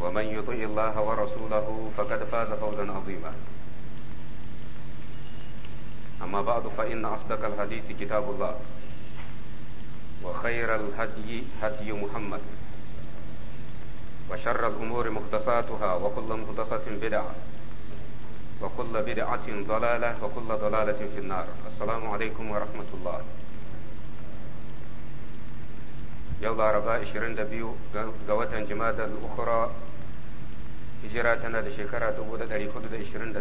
ومن يطع الله ورسوله فقد فاز فوزا عظيما أما بعد فإن أصدق الحديث كتاب الله وخير الهدي هدي محمد وشر الأمور مختصاتها وكل مختصة بدعة وكل بدعة ضلالة وكل ضلالة في النار السلام عليكم ورحمة الله yau laraba 22 ga watan jimadar ukura hijira tana da shekara 1429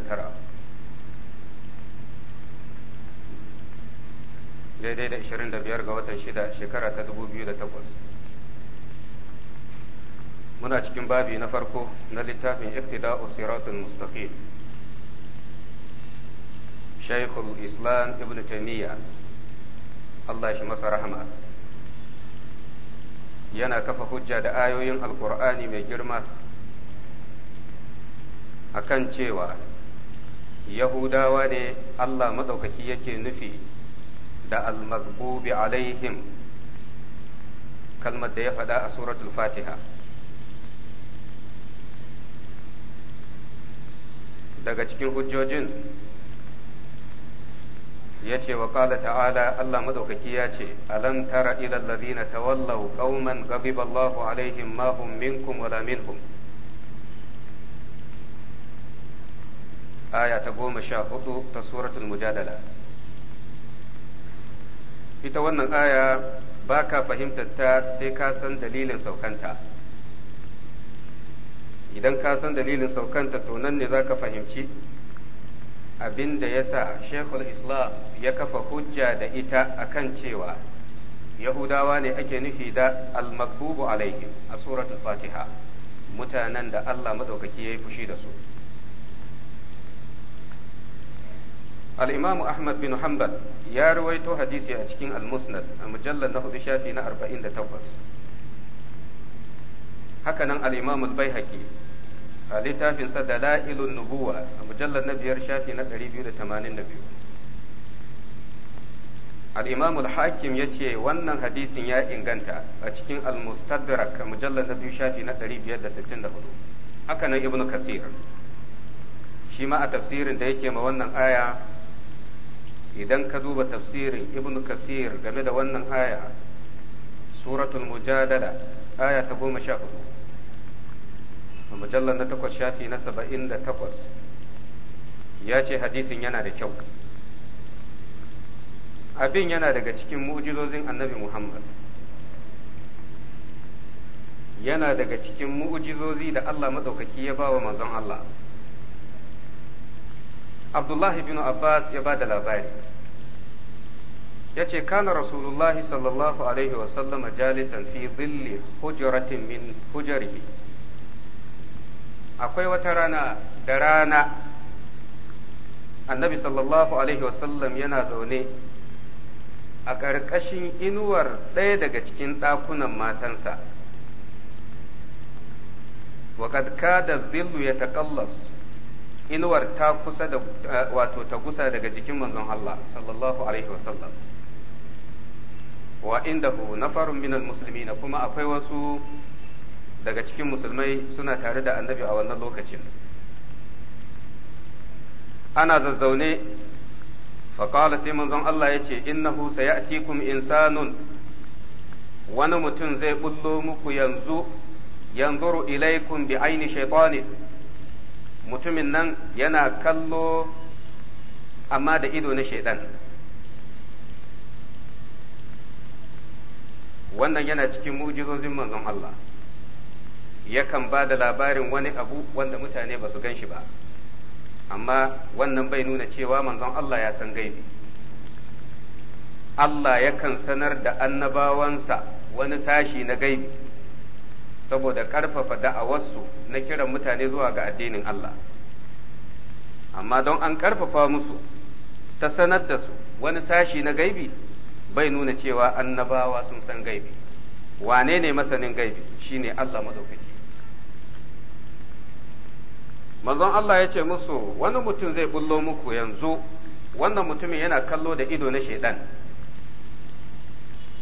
daidai da 25 ga watan 6 shekara ta 2008 muna cikin babi na farko na littafin iktida'u siratul mustaqim shaykhul islam ibn taymiyyah Allah shi masa rahma. yana kafa hujja da ayoyin alkur'ani mai girma a kan cewa yahudawa ne allah maɗaukaki yake nufi da almazbubi alaihim kalmar da ya faɗa a suratul fatiha daga cikin hujjojin ya ce wa qala ta'ala Allah maɗaukaki ya ce alam tara ila allazina tawallaw qauman ghadiba Allahu alaihim ma hum minkum wala minhum aya ta goma sha hudu ta suratul mujadala ita wannan aya ba ka fahimtar ta sai ka san dalilin saukanta idan ka san dalilin saukanta to nan ne za ka fahimci abinda ya sa shekul islam ya kafa hujja da ita akan cewa yahudawa ne ake nufi da almakbubu alaihim a suratul fatiha mutanen da allah maɗaukaki ya yi fushi da su Ahmad الإمام أحمد بن حنبل يا رويتو حديثي أشكين المسند المجلد نهض شافي نا أربعين al'imamu هكذا الإمام a littafinsa da dala'ilun nubuwa mujallar na biyar shafi na 282 al-imam al-hakim ya ce wannan hadisin ya inganta a cikin al-mustadrak mujallar na biyu shafi na 564 haka nan ibnu kasir shi ma a tafsirin da yake ma wannan aya idan ka duba tafsirin ibnu kasir game da wannan aya suratul mujadala ta goma sha hudu mujallar na takwas shafi na saba'in da takwas ya ce hadisin yana da kyau abin yana daga cikin mu'jizozin annabi muhammad yana daga cikin mu'jizozi da allah maɗaukaki ya ba wa manzon allah abdullahi bin abbas ya ba da labari ya ce kana rasulullahi sallallahu alaihi wasallama jalisan fi zilli hujratin min hujarihi akwai wata rana da rana annabi sallallahu alaihi wasallam yana zaune a ƙarƙashin inuwar ɗaya daga cikin ɗakunan matansa waƙad kada zillu ya taƙallas inuwar ta kusa da eh, wato ta kusa daga jikin manzon Allah sallallahu alaihi wasallam wa indahu nafarun minal na kuma akwai wasu daga cikin musulmai suna tare da annabi a wannan lokacin ana zazzaune faƙala sai manzon Allah ya ce innahu sayatikum insanun wani mutum zai bullo muku yanzu yanzuru ilaikum bi aini shaitani mutumin nan yana kallo amma da ido na shaidan wannan yana cikin mujizozin manzon Allah yakan ba da labarin wani abu wanda mutane ba su gan shi ba amma wannan bai nuna cewa manzon Allah ya san gaibi Allah yakan sanar da annabawansa wani tashi na gaibi saboda ƙarfafa da'awarsu na kiran mutane zuwa ga addinin Allah amma don an ƙarfafa musu ta sanar da su wani tashi na gaibi bai nuna cewa annabawa sun san gaibi wane ne masanin gaibi shine Allah madaukaki manzon Allah ya ce musu wani mutum zai bullo muku yanzu wannan mutumin yana kallo da ido na shaidan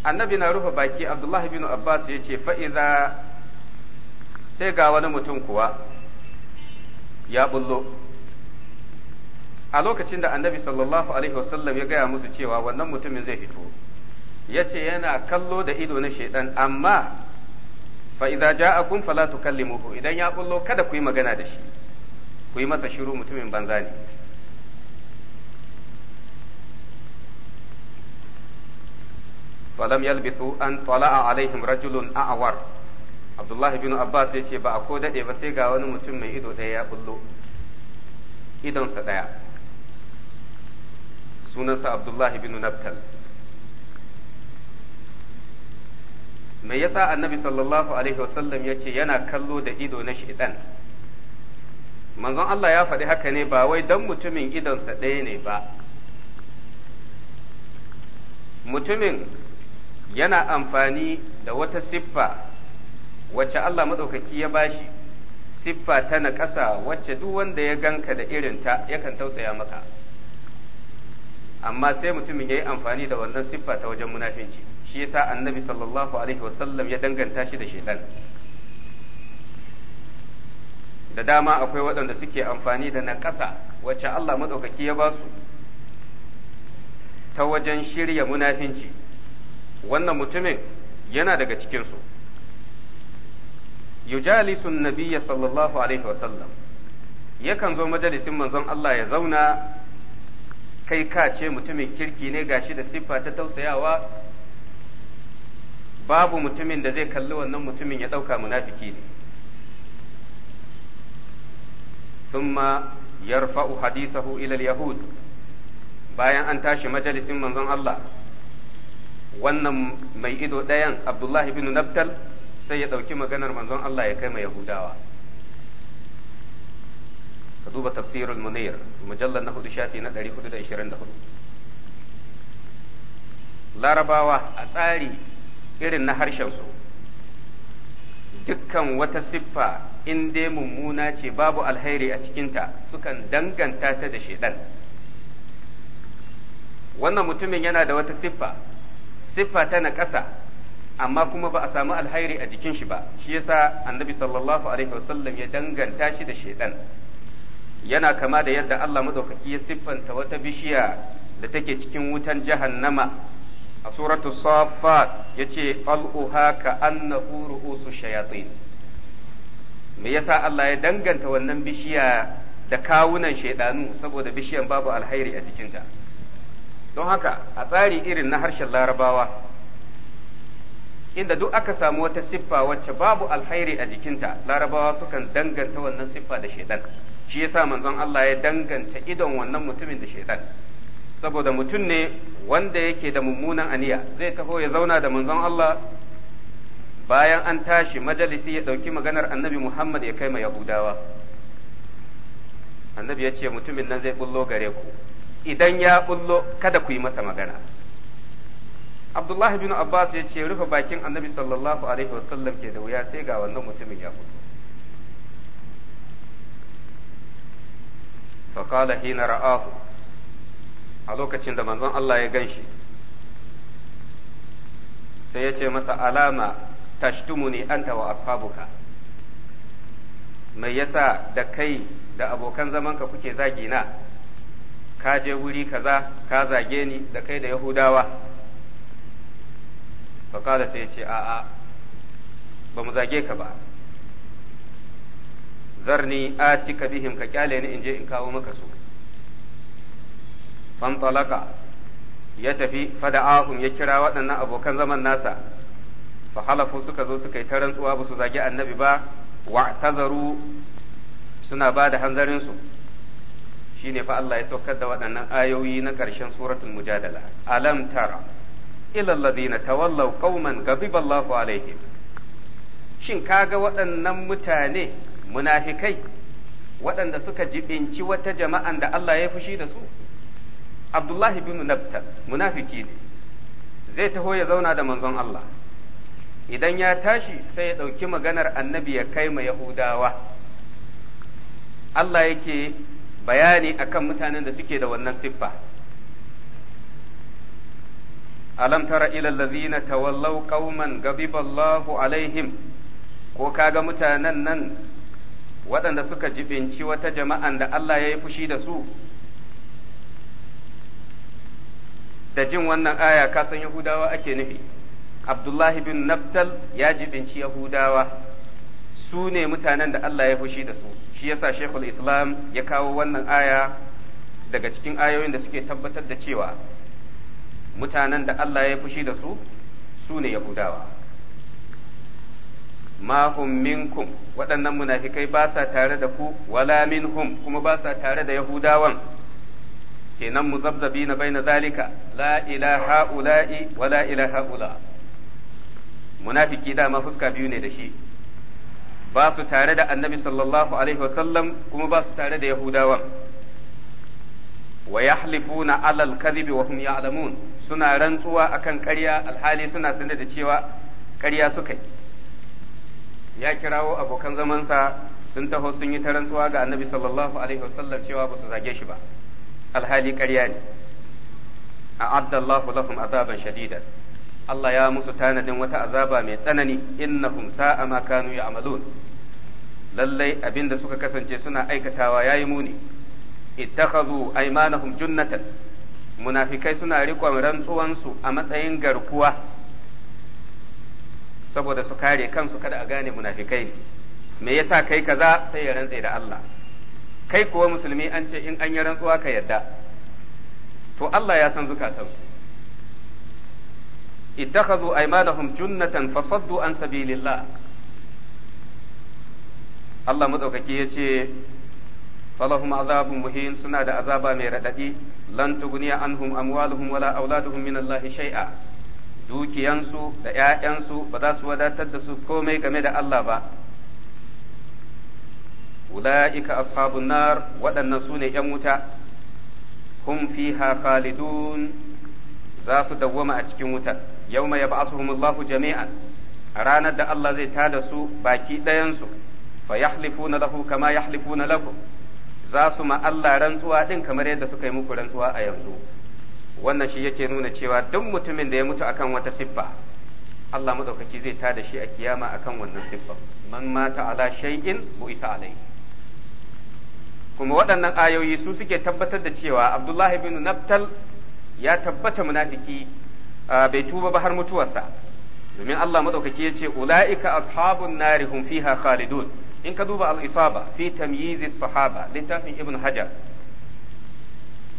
annabi na rufe baki abdullahi bin abbas ya ce fa'iza sai ga wani mutum kuwa ya bullo a lokacin da annabi sallallahu alaihi wasallam ya gaya musu cewa wannan mutumin zai fito ya ce yana kallo da ido na shaidan amma fa'iza ja'akun fala tukallimuhu idan ya bullo kada ku yi magana da shi ku yi masa shiru mutumin banza ne falam yalbisu an tala'a alaihim rajulun a'war abdullahi bin abbas ya ce ba a ko daɗe ba sai ga wani mutum mai ido ɗaya ya bullo idonsa ɗaya sunansa abdullahi bin nabtal me yasa annabi sallallahu alaihi wasallam ya ce yana kallo da ido na shaitan manzon Allah ya faɗi haka ne ba wai don mutumin idonsa ɗaya ne ba mutumin yana amfani da wata siffa wacce Allah matsaukaki ya bashi siffa ta ƙasa wacce duk wanda ya ganka da irin ta yakan tausaya maka amma sai mutumin ya yi amfani da wannan siffa ta wajen munafinci shi ya sa annabi sallallahu alaihi wasallam ya danganta shi da shaitan da dama akwai waɗanda suke amfani da naƙasa wacce Allah maɗaukaki ya ba su ta wajen shirya munafinci wannan mutumin yana daga cikinsu yujalisun nabiyya sallallahu alaihi wasallam yakan zo majalisin manzon Allah ya zauna kai ka ce mutumin kirki ne gashi da siffa ta tausayawa babu mutumin da zai kalli wannan mutumin ya ɗauka munafiki ne thumma yarfa'u hadisahu ila al-yahud bayan an tashi majalisin manzon Allah wannan mai ido ɗayan Abdullahi bin Nabtal sai ya ɗauki maganar manzon Allah ya kai ma Yahudawa ka duba tafsirul munir mujallar na hudu shafi na 424 larabawa a tsari irin na harshensu dukkan wata siffa in dai mummuna ce babu alheri a cikinta sukan danganta ta da shedan wannan mutumin yana da wata siffa siffa ta naƙasa amma kuma ba a samu alheri a jikin shi ba shi yasa annabi sallallahu alaihi wasallam ya danganta shi da shedan yana kama da yadda Allah madaukaki ya siffanta wata bishiya da take cikin wutan jahannama a suratu safat yace al'uha ka annahu ru'usu shayatin me yasa Allah ya danganta wannan bishiya da kawunan shaidanu saboda bishiyan babu alhairi a jikinta don haka a tsari irin na harshen larabawa inda duk aka samu wata siffa wacce babu alhairi a jikinta larabawa sukan danganta wannan siffa da shaidan shi yasa manzon Allah ya danganta idon wannan mutumin da shaidan saboda mutum ne wanda yake da mummunan aniya zai taho ya zauna da manzon Allah bayan an tashi majalisi ya ɗauki maganar annabi Muhammad ya kai ma Yahudawa. Annabi ya ce mutumin nan zai bullo gare ku, idan ya bullo kada ku yi masa magana. Abdullahi bin Abbas ya ce rufe bakin annabi sallallahu Alaihi wasallam ke da wuya sai ga wannan mutumin ya fito. فقال hina ra'ahu a lokacin da manzon Allah ya gan shi sai ya ce masa alama tashtumuni anta wa ashabuka mai yasa da kai da abokan zamanka kuke zagi na ka je wuri kaza ka zage ni da kai da yahudawa faƙala sai ce a'a ba mu zage ka ba zarni atika bihim ka kyale ni in je in kawo maka su fantalaka ya tafi fada'ahum ya kira waɗannan abokan zaman nasa fa halafu suka zo suka yi ta rantsuwa ba su zagi annabi ba wa tazaru suna ba da hanzarin su shine fa Allah ya saukar da waɗannan ayoyi na ƙarshen suratul mujadala alam tara ila alladhina tawallaw qauman gabiba Allahu alaihim shin kaga waɗannan mutane munafikai waɗanda suka jibinci wata jama'an da Allah ya fushi da su Abdullahi bin Nabta munafiki ne zai taho ya zauna da manzon Allah idan ya tashi sai ya ɗauki maganar annabi ya kai ma yahudawa Allah yake bayani akan mutanen da suke da wannan siffa alam tara ila allazina tawallaw qauman gabiba Allahu alaihim ko kaga mutanen nan waɗanda suka jibinci wata jama'an da Allah ya yi fushi da su da jin wannan aya kasan yahudawa ake nufi abdullahi bin naftal ya jibinci yahudawa su ne mutanen da Allah ya fushi da su shi yasa shekul islam ya kawo wannan aya daga cikin ayoyin da suke tabbatar da cewa mutanen da Allah ya fushi da su su ne yahudawa ma hum minkum waɗannan munafikai ba sa tare da ku wala minhum kuma ba sa tare da yahudawan kenan muzabzabi na bai na zalika la ila ha'ula'i wala ila ha'ula' munafiki dama fuska biyu ne da shi ba su tare da annabi sallallahu alaihi wasallam kuma ba su tare da yahudawan wa yahlifuna alal kadhibi wa hum ya'lamun suna rantsuwa akan ƙarya alhali suna sanar da cewa ƙarya suka ya kirawo abokan zamansa sun taho sun yi ta rantsuwa ga annabi sallallahu alaihi wasallam cewa ba su zage shi ba alhali ƙarya ne a'adda Allahu lahum azaban shadidan Allah ya musu tanadin wata azaba mai tsanani innahum sa'a ma kanu ya'malun lallai abinda suka kasance suna aikatawa yayi muni ittakhadhu aymanahum junnatan munafikai suna riƙon rantsuwansu a matsayin garkuwa saboda su kare kansu kada a gane munafikai me yasa kai kaza sai ya rantse da Allah kai kuwa musulmi an ce in an yi rantsuwa ka yadda to Allah ya san zukatansu ittakhadhu aymanahum junnatan fasaddu an sabilillah Allah madaukaki yace falahum azabin muhin suna da azaba mai radadi lan tughniya anhum amwaluhum wala auladuhum min Allah shay'a dukiyansu da 'ya'yansu ba za su wadatar da su komai game da Allah ba ulaika ashabun nar waɗannan sune ƴan wuta hum fiha khalidun za su dawwama a cikin wuta. Yau mai yawma yab'athuhumullahu jami'an a ranar da Allah zai tada su baki ɗayansu fa yahlifuna lahu kama yahlifuna lakum za su ma Allah rantsuwa din kamar yadda suka yi muku rantsuwa a yanzu wannan shi yake nuna cewa duk mutumin da ya mutu akan wata siffa Allah madaukaki zai tada shi a kiyama akan wannan siffa man mata ala shay'in isa alai kuma waɗannan ayoyi su suke tabbatar da cewa Abdullahi bin Nabtal ya tabbata munafiki bai tuba ba har mutuwarsa domin Allah madaukaki yace ulaika ashabun nari hum fiha khalidun in ka duba al-isaba fi tamyiz sahaba littafin ibn hajar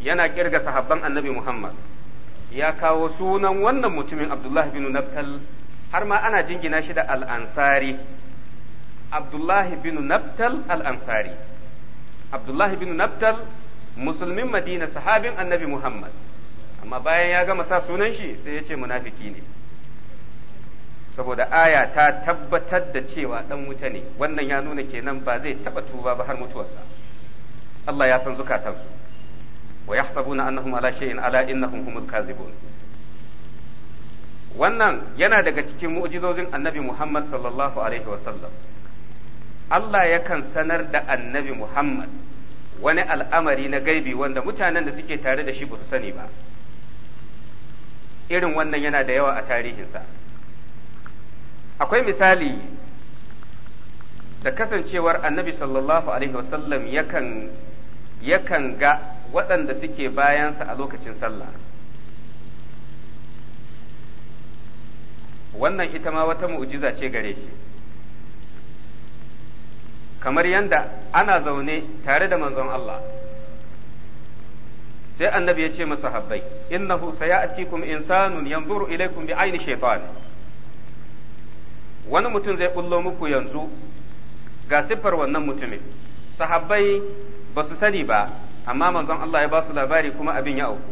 yana kirga sahabban annabi muhammad ya kawo sunan wannan mutumin abdullahi bin nabtal har ma ana jingina shi da al-ansari abdullahi bin nabtal al-ansari abdullahi bin nabtal musulmin madina sahabin annabi muhammad amma bayan ya gama sa sunan shi sai ya ce munafiki ne saboda aya ta tabbatar da cewa dan wuta ne wannan ya nuna kenan ba zai taba tuba ba har mutuwarsa Allah ya san zukatansu wa yahsabuna annahum ala shay'in ala innahum humul kazibun wannan yana daga cikin mu'jizozin annabi Muhammad sallallahu alaihi wa sallam Allah yakan sanar da annabi Muhammad wani al'amari na gaibi wanda mutanen da suke tare da shi ba su sani ba irin wannan yana da yawa a tarihinsa akwai misali da kasancewar annabi sallallahu alaihi wasallam yakan yakan ga waɗanda suke bayansa a lokacin sallah wannan ita ma wata mu'jiza ce gare shi kamar yadda ana zaune tare da manzon Allah sai annabi ya ce masa habbai innahu sayatikum insanun yanzuru ilaikum bi aini shaytan wani mutum zai bullo muku yanzu ga siffar wannan mutumin sahabbai ba su sani ba amma manzon Allah ya ba su labari kuma abin ya auku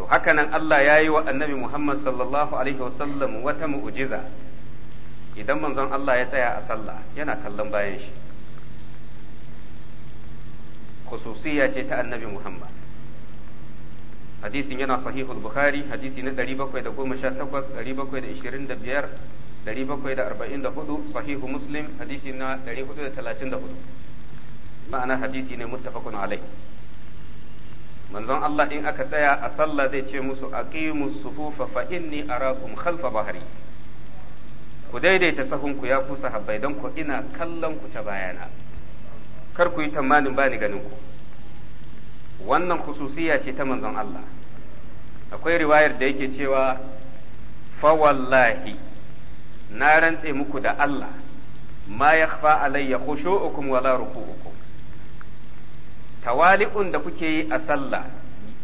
to haka nan Allah ya yi wa annabi Muhammad sallallahu alaihi wasallam wata mu'jiza idan manzon Allah ya tsaya a sallah yana kallon bayan shi khususiyya ce ta annabi Muhammad hadisin yana sahihul bukhari hadisi na 718 725 744 sahihu muslim hadisi na 434 ma'ana hadisi ne muttafaqun alai manzon Allah in aka tsaya a sallah zai ce musu aqimus sufufa fa inni arakum khalfa bahri ku daidaita sahunku ya ku sahabbai don ku ina kallon ku ta bayana kar ku yi tamanin ba ni ganin ku wannan khususiya ce ta manzon Allah akwai riwayar da yake cewa fa wallahi na rantse muku da Allah ma yakhfa alayya khushu'ukum wala ruku'ukum tawali'un da kuke yi a sallah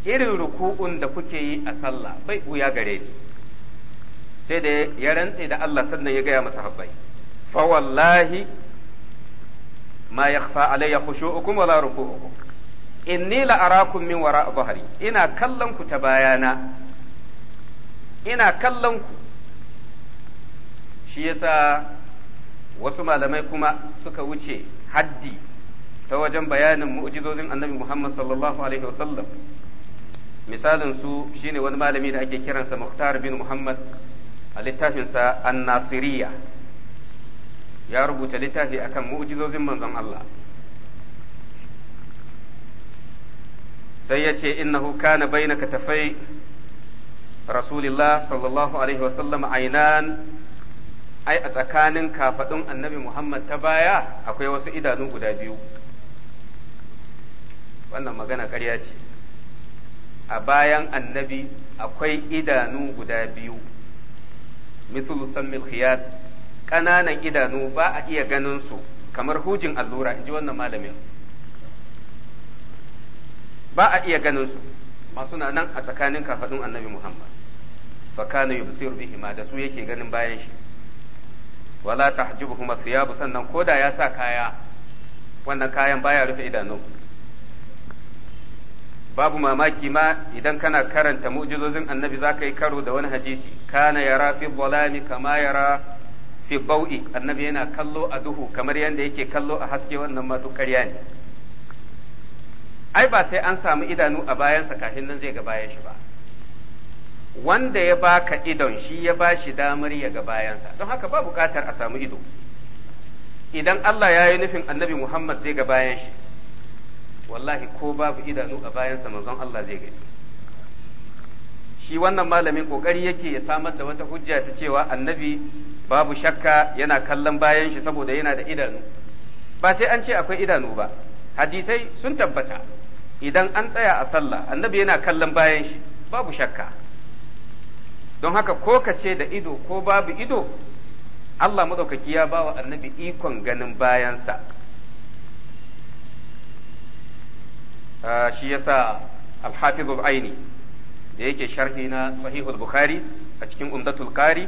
irin ruku'un da kuke yi a sallah bai buya gare ni sai da ya rantse da Allah sannan ya gaya masa habbai fa wallahi ma yakhfa alayya khushu'ukum wala ruku'ukum inni la arakum min wara dhahri ina kallon ku ta bayana ina kallon ku shi yasa wasu malamai kuma suka wuce haddi ta wajen bayanin mu'jizozin annabi Muhammad sallallahu alaihi wasallam misalin su shine wani malami da ake kiransa Muhtar bin Muhammad a littafinsa An-Nasiriyya ya rubuta littafi akan mu'jizozin manzon Allah sai ya ce innahu kana baina katafai rasulillah sallallahu alaihi wasallam ainan ai a tsakanin kafadun annabi Muhammad ta baya akwai wasu idanu guda biyu wannan magana ƙarya ce a bayan annabi akwai idanu guda biyu mithlu sammil khiyat ƙananan idanu ba a iya ganin su kamar hujin allura in ji wannan malamin ba a iya ganin su masu na nan a tsakanin kafadun annabi muhammad fa kana busiru bihi ma da su yake ganin bayan shi wala ta tahjibuhum yabu sannan ko da ya sa kaya wannan kayan baya rufe idanu babu mamaki ma idan kana karanta mu'jizozin annabi ka yi karo da wani hadisi kana yara fi bolami kama yara fi bau'i annabi yana kallo a duhu kamar yadda yake kallo a haske wannan ma duk ne ai ba sai an samu idanu a bayansa kafin nan zai ga bayan shi ba wanda ya baka idon shi ya ba shi damar ya ga bayansa don haka ba buƙatar a samu ido idan Allah ya yi nufin annabi Muhammad zai ga bayan shi wallahi ko babu idanu a bayansa manzon Allah zai gani shi wannan malamin kokari yake ya samar da wata hujja ta cewa annabi babu shakka yana kallon bayan shi saboda yana da idanu ba sai an ce akwai idanu ba hadisai sun tabbata idan an tsaya a sallah annabi yana kallon bayan shi babu shakka don haka ko ka ce da ido ko babu ido Allah maɗaukaki ya ba wa annabi ikon ganin bayansa ah, shi yasa alhafizul aini da yake sharhi na sahihul bukhari a cikin umdatul qari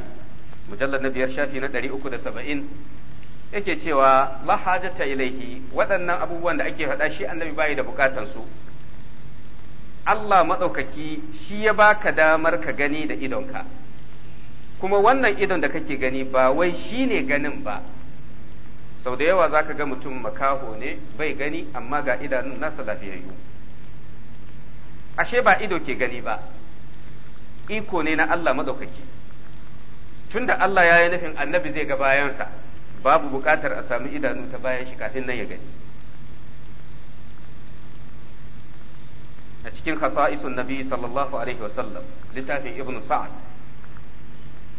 mujallar na biyar shafi na ɗari uku da saba'in yake cewa la hajata ilaihi waɗannan abubuwan da ake faɗa shi annabi bayi da bukatan su Allah maɗaukaki shi ya baka damar ka gani da idonka kuma wannan idon da kake gani ba wai shi ne ganin ba sau da yawa za ka ga mutum makaho ne bai gani amma ga idanun nasa lafiyayyu ashe ba ido ke gani ba iko ne na Allah maɗaukaki tunda Allah ya yi nufin annabi zai ga bayansa babu buƙatar a sami idanu ta bayan shi kafin nan ya gani a cikin khasa'isun nabi sallallahu alaihi wasallam littafin ibnu sa'ad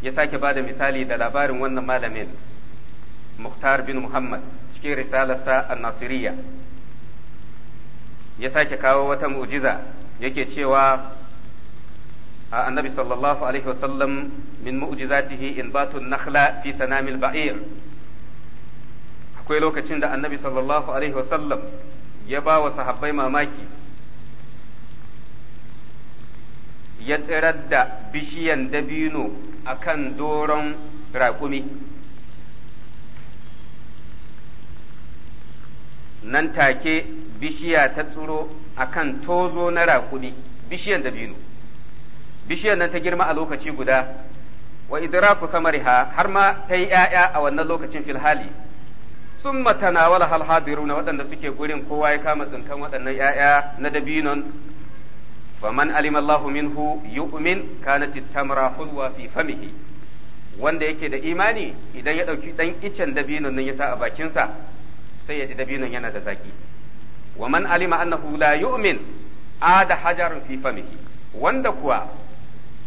ya sake ba da misali da labarin wannan malamin muhtar bin muhammad cikin risalarsa an-nasiriyya ya sake kawo wata mu'jiza yake cewa annabi sallallahu alaihi wasallam min mu'jizatihi inbatun nakhla fi sanamil ba'ir akwai lokacin da annabi sallallahu alaihi wasallam ya ba wa sahabbai mamaki ya tsirar da bishiyan dabino akan doron raƙumi nan take bishiya ta tsiro akan tozo na raƙumi bishiyan dabino bishiyar nan ta girma a lokaci guda wa idraku samariha har ma ta yi ‘ya'ya a wannan lokacin filhali sun matanawala halhabiru na waɗanda suke gurin kowa ya kama tsinkan waɗannan ‘ya'ya na dabinon faman alimallahu minhu yu'min kanat tamra hulwa fi famihi wanda yake da imani idan ya ɗauki ɗan icen dabinon nan ya sa a bakinsa sai ya ji dabinon yana da zaki wa man alima annahu la yu'min ada hajarun fi famihi wanda kuwa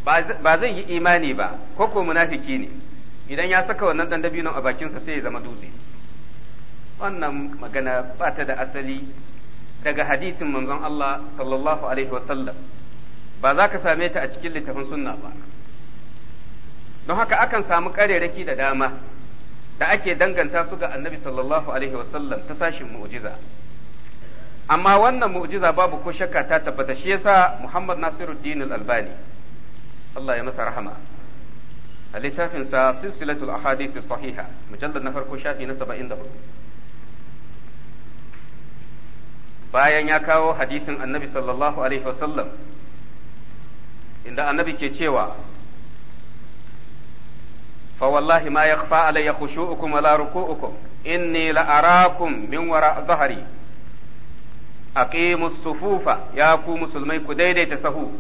ba zai yi imani ba ko ko munafiki ne idan ya saka wannan dan a bakinsa sai ya zama dutse wannan magana ba ta da asali daga hadisin manzon Allah sallallahu alaihi wasallam ba za ka same ta a cikin littafin sunna ba don haka akan samu kareraki da dama da ake danganta su ga annabi sallallahu alaihi wasallam ta sashin mu'jiza amma wannan mu'jiza babu ko shakka ta tabbata shi yasa Muhammad Nasiruddin al-Albani Allah ya masa rahama a littafin sa silsilatul ahadith sahiha mujallad na farko shafi na 74 bayan ya kawo hadisin annabi sallallahu alaihi wasallam inda annabi ke cewa fa wallahi ma yakhfa alayya khushu'ukum wala ruku'ukum inni la min wara dhahri aqimus sufufa ya ku musulmai ku daidaita sahu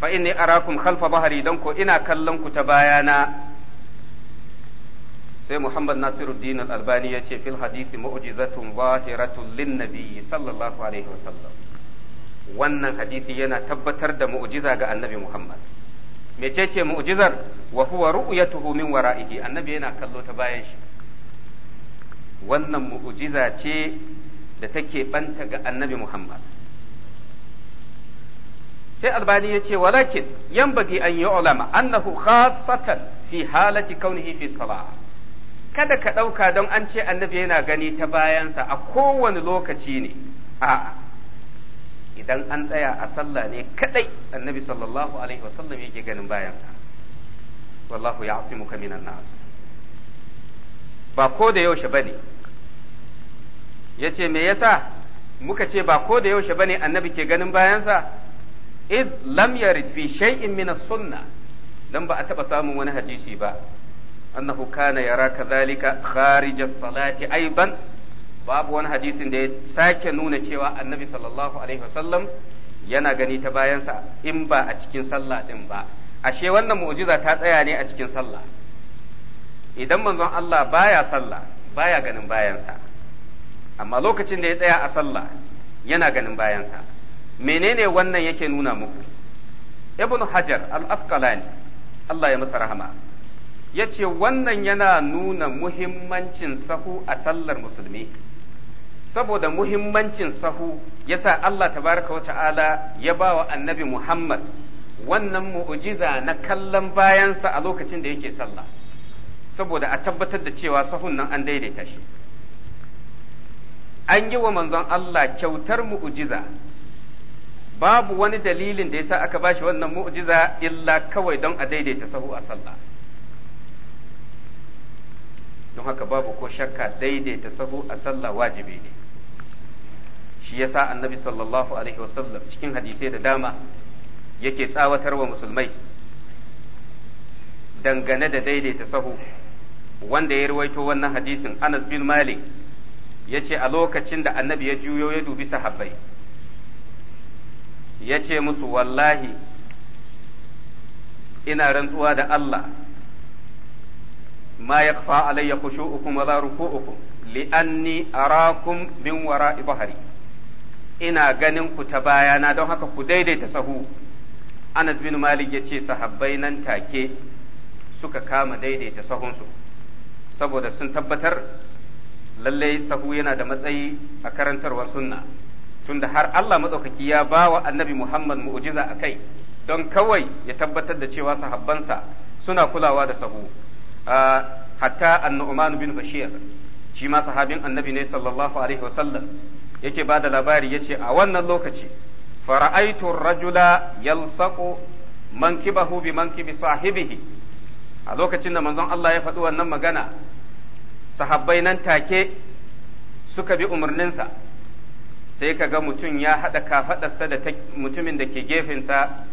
fa inni arakum khalfa bahari dan ko ina kallon ku ta bayana sai Muhammad Nasiruddin Al-Albani ya ce fil hadisi mu'jizatun zahiratun lin nabiyyi sallallahu alaihi sallam. wannan hadisi yana tabbatar da mu'jiza ga annabi Muhammad mecece mu'jizar wa huwa ru'yatuhu min wara'ihi annabi yana kallo ta bayan shi wannan mu'jiza ce da take banta ga annabi Muhammad sai albani ya ce walakin yan bagi an yi ulama annahu khasatan fi halati kaunihi fi salah kada ka ɗauka don an ce annabi yana gani ta bayansa a kowane lokaci ne a idan an tsaya a sallah ne kadai annabi sallallahu alaihi wasallam yake ganin bayansa wallahu ya asimuka minan nas ba ko da yaushe bane ce me yasa muka ce ba ko da yaushe bane annabi ke ganin bayansa iz lam yarid fi shay'in min as-sunnah dan ba a taba samun wani hadisi ba annahu kana yara kadhalika kharij as-salati aiban babu wani hadisin da ya sake nuna cewa annabi sallallahu alaihi wasallam yana gani ta bayansa in ba a cikin sallah din ba ashe wannan mu'jiza ta tsaya ne a cikin sallah idan manzon Allah baya sallah baya ganin bayansa amma lokacin da ya tsaya a sallah yana ganin bayansa menene wannan yake nuna muku ibn hajar al-asqalani Allah ya masa rahama ya ce wannan yana nuna muhimmancin sahu a sallar musulmi saboda muhimmancin sahu ya sa Allah tabaraka wa ta'ala ya ba wa annabi Muhammad wannan mu'ujiza na kallon bayansa a lokacin da yake sallah saboda a tabbatar da cewa sahun nan an daidaita shi an yi wa manzon Allah kyautar mu'ujiza babu wani dalilin da yasa aka bashi wannan mu'jiza illa kawai don a daidaita sahu a sallah don haka babu ko shakka daidaita sahu a sallah wajibi ne shi yasa annabi sallallahu alaihi wasallam cikin hadisai da dama yake tsawatar wa musulmai dangane da daidaita sahu wanda ya ruwaito wannan hadisin Anas bin Malik ce a lokacin da annabi ya juyo ya dubi sahabbai ya ce musu wallahi ina rantsuwa da Allah ma ya kafa alayya khushu'ukum wa uku li'anni arakum min wara'i bahari ina ganin ku ta bayana don haka ku daidaita sahu Anas bin Malik ya ce sahabbai nan take suka kama daidaita sahunsu saboda sun tabbatar lallai sahu yana da matsayi a karantarwar sunna tunda har Allah matsaukaki ya ba wa annabi Muhammad mu'jiza a kai don kawai ya tabbatar da cewa sahabbansa suna kulawa da sahu ah, hatta annu'man bin bashir shi ma sahabin annabi ne sallallahu alaihi wasallam yake ba da labari yace a wannan lokaci fara'aitu rajula yalsaqu mankibahu bi mankibi sahibihi a lokacin da manzon Allah ya faɗi wannan magana sahabbai nan take suka bi umarninsa sai kaga mutum ya haɗa kafaɗarsa da mutumin da ke gefensa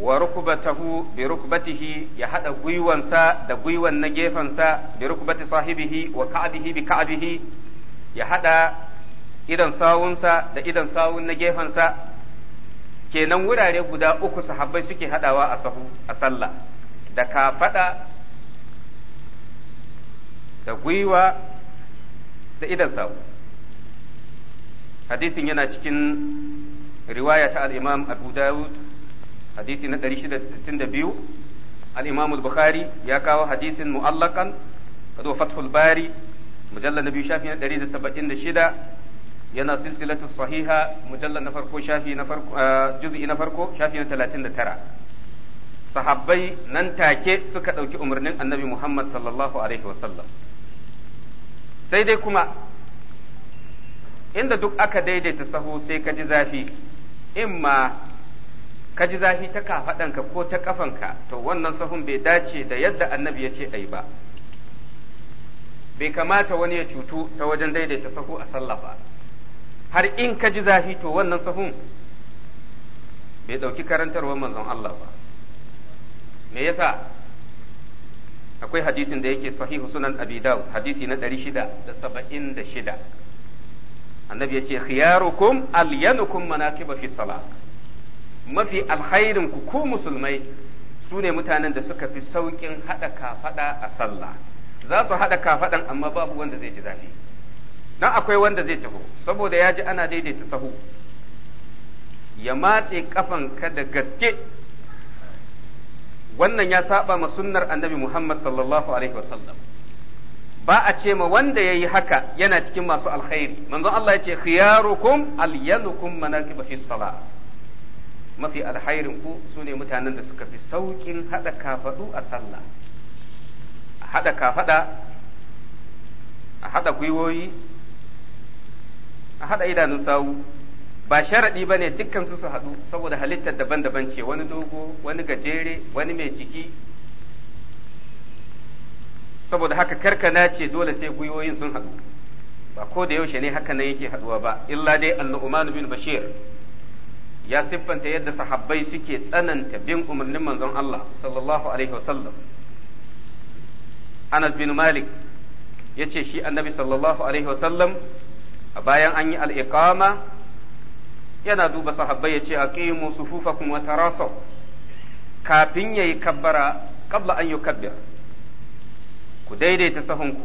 wa rukbatahu bi rukbatihi ya haɗa gwiwansa da gwiwan na gefensa bi rukbati sahibihi wa ka'bihi bi ka'bihi ya haɗa idan sawunsa da idan sawun na gefensa kenan wurare guda uku sahabbai suke haɗawa a sahu a sallah da kafaɗa da gwiwa da idan sawu hadisin yana cikin riwaya ta al abu dawud hadisi na 662 al-imam al-bukhari ya kawo hadisin mu'allakan kado fathul bari na biyu shafi na 176 yana silsilatu sahiha mujallal na farko shafi na ah, juz'i na farko shafi na 39 sahabbai nan take suka ɗauki umarnin annabi Muhammad sallallahu Alaihi sai dai kuma inda duk aka daidaita saho sai ka ji zafi in ma ka ji zafi ta kafaɗanka ko ta kafanka to wannan sahun bai dace da yadda annabi ya ce ai ba bai kamata wani ya cutu ta wajen daidaita saho a sallah ba har in ka ji zafi to wannan sahun bai ɗauki karantarwar manzon Allah ba me yasa akwai hadisin da yake sahihu sunan abi dawud hadisi na 676 annabi yace khiyarukum alyanukum manaqiba fi salat mafi alkhairin ku ku musulmai su ne mutanen da suka fi saukin hada kafada a sallah za su hada kafadan amma babu wanda zai ji zafi dan akwai wanda zai taho saboda ya ji ana daidaita sahu ya matse ka da gaske wannan ya saba ma sunnar annabi Muhammad sallallahu alaihi wasallam ba a ce ma wanda ya yi haka yana cikin masu alkhairi manzo Allah ya ce khiyarukum alyanukum manaqib fi salah mafi alkhairin ku sune mutanen da suka fi saukin hada kafadu a sallah a hada kafada a hada gwiwoyi a hada idanun sawu ba sharaɗi ba ne dukkan su su haɗu saboda halittar daban-daban ce wani dogo wani gajere wani mai jiki saboda haka karka ce dole sai gwiwoyin sun haɗu ba ko da yaushe ne haka nan yake haɗuwa ba illa dai annu'man bin bashir ya siffanta yadda sahabbai suke tsananta bin umarnin manzon Allah sallallahu alaihi wasallam Anas bin Malik ya ce shi annabi sallallahu alaihi wasallam a bayan an yi al'iqama yana duba sahabbai ya ce a ƙimu sufufakum wa tarasau kafin ya yi kabbara kabla an yi kabbira ku daidaita sahunku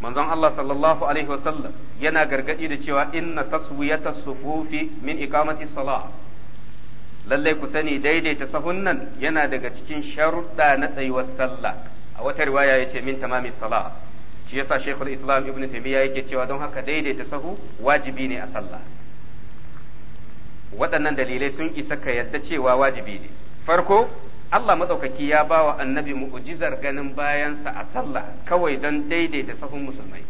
manzon Allah sallallahu alaihi wasallam yana gargadi da cewa inna taswiyata sufufi min iqamati salah lallai ku sani daidaita sahun nan yana daga cikin sharuɗa na tsayuwar sallah a wata riwaya yace min tamami salah shi yasa shaykhul islam ibnu taymiya yake cewa don haka daidaita sahu wajibi ne a sallah waɗannan dalilai sun isa ka yadda cewa wajibi ne farko Allah matsaukaki ya ba wa annabi mu'ujizar ganin bayansa a sallah kawai don daidaita sahun musulmai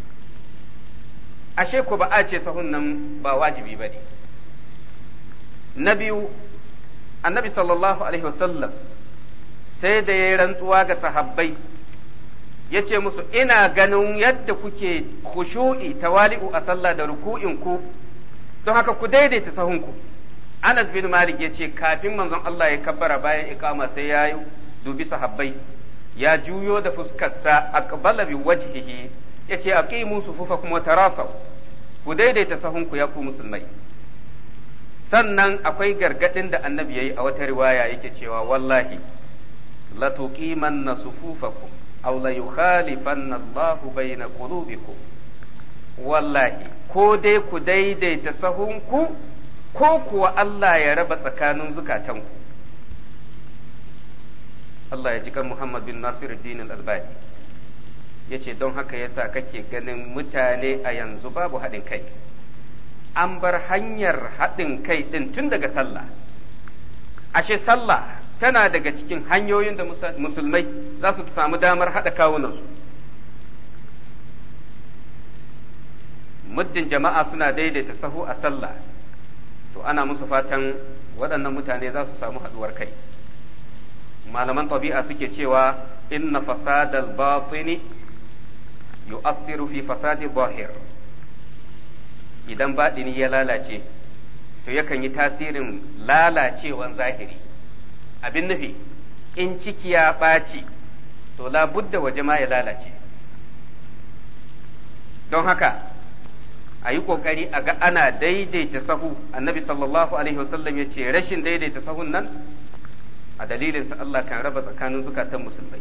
ashe ku ba a ce sahun nan ba wajibi ba ne na biyu annabi sallallahu alaihi wasallam sai da ya yi rantsuwa ga sahabbai ya ce musu ina ganin yadda kuke khushu'i tawali'u a sallah da ruku'in ku don haka ku daidaita sahunku ku Anas bin Malik ya ce kafin manzon Allah ya kabbara bayan ikama sai ya yi dubi sahabbai ya juyo da fuskarsa aqbala bi wajhihi yace aqimu sufufakum wa tarasaw ku daidaita sahunku ya ku musulmai sannan akwai gargadin da annabi yayi a wata riwaya yake cewa wallahi la tuqimanna sufufakum aw la yukhalifanna Allahu bayna qulubikum wallahi ko dai ku daidaita sahunku ko kuwa Allah ya raba tsakanin zukatanku Allah ya ji kan Muhammad bin Nasiru al albani ya don haka yasa kake ganin mutane a yanzu babu haɗin kai an bar hanyar haɗin kai ɗin tun daga sallah ashe sallah tana daga cikin hanyoyin da musulmai za su samu damar haɗa kawunansu muddin jama'a suna daidaita sahu a sallah to ana musu fatan waɗannan mutane za su samu haɗuwar kai malaman tabi'a suke cewa inna al batini yu'assiru fi fasadi zahir idan baɗini ya lalace to yakan yi tasirin lalacewan zahiri abin nufi in ciki ya ɓaci to labudda waje ma ya lalace don haka a yi ƙoƙari a ga ana daidaita sahu annabi sallallahu alaihi wasallam ya ce rashin daidaita sahun nan a dalilin sa Allah kan raba tsakanin zukatan musulmai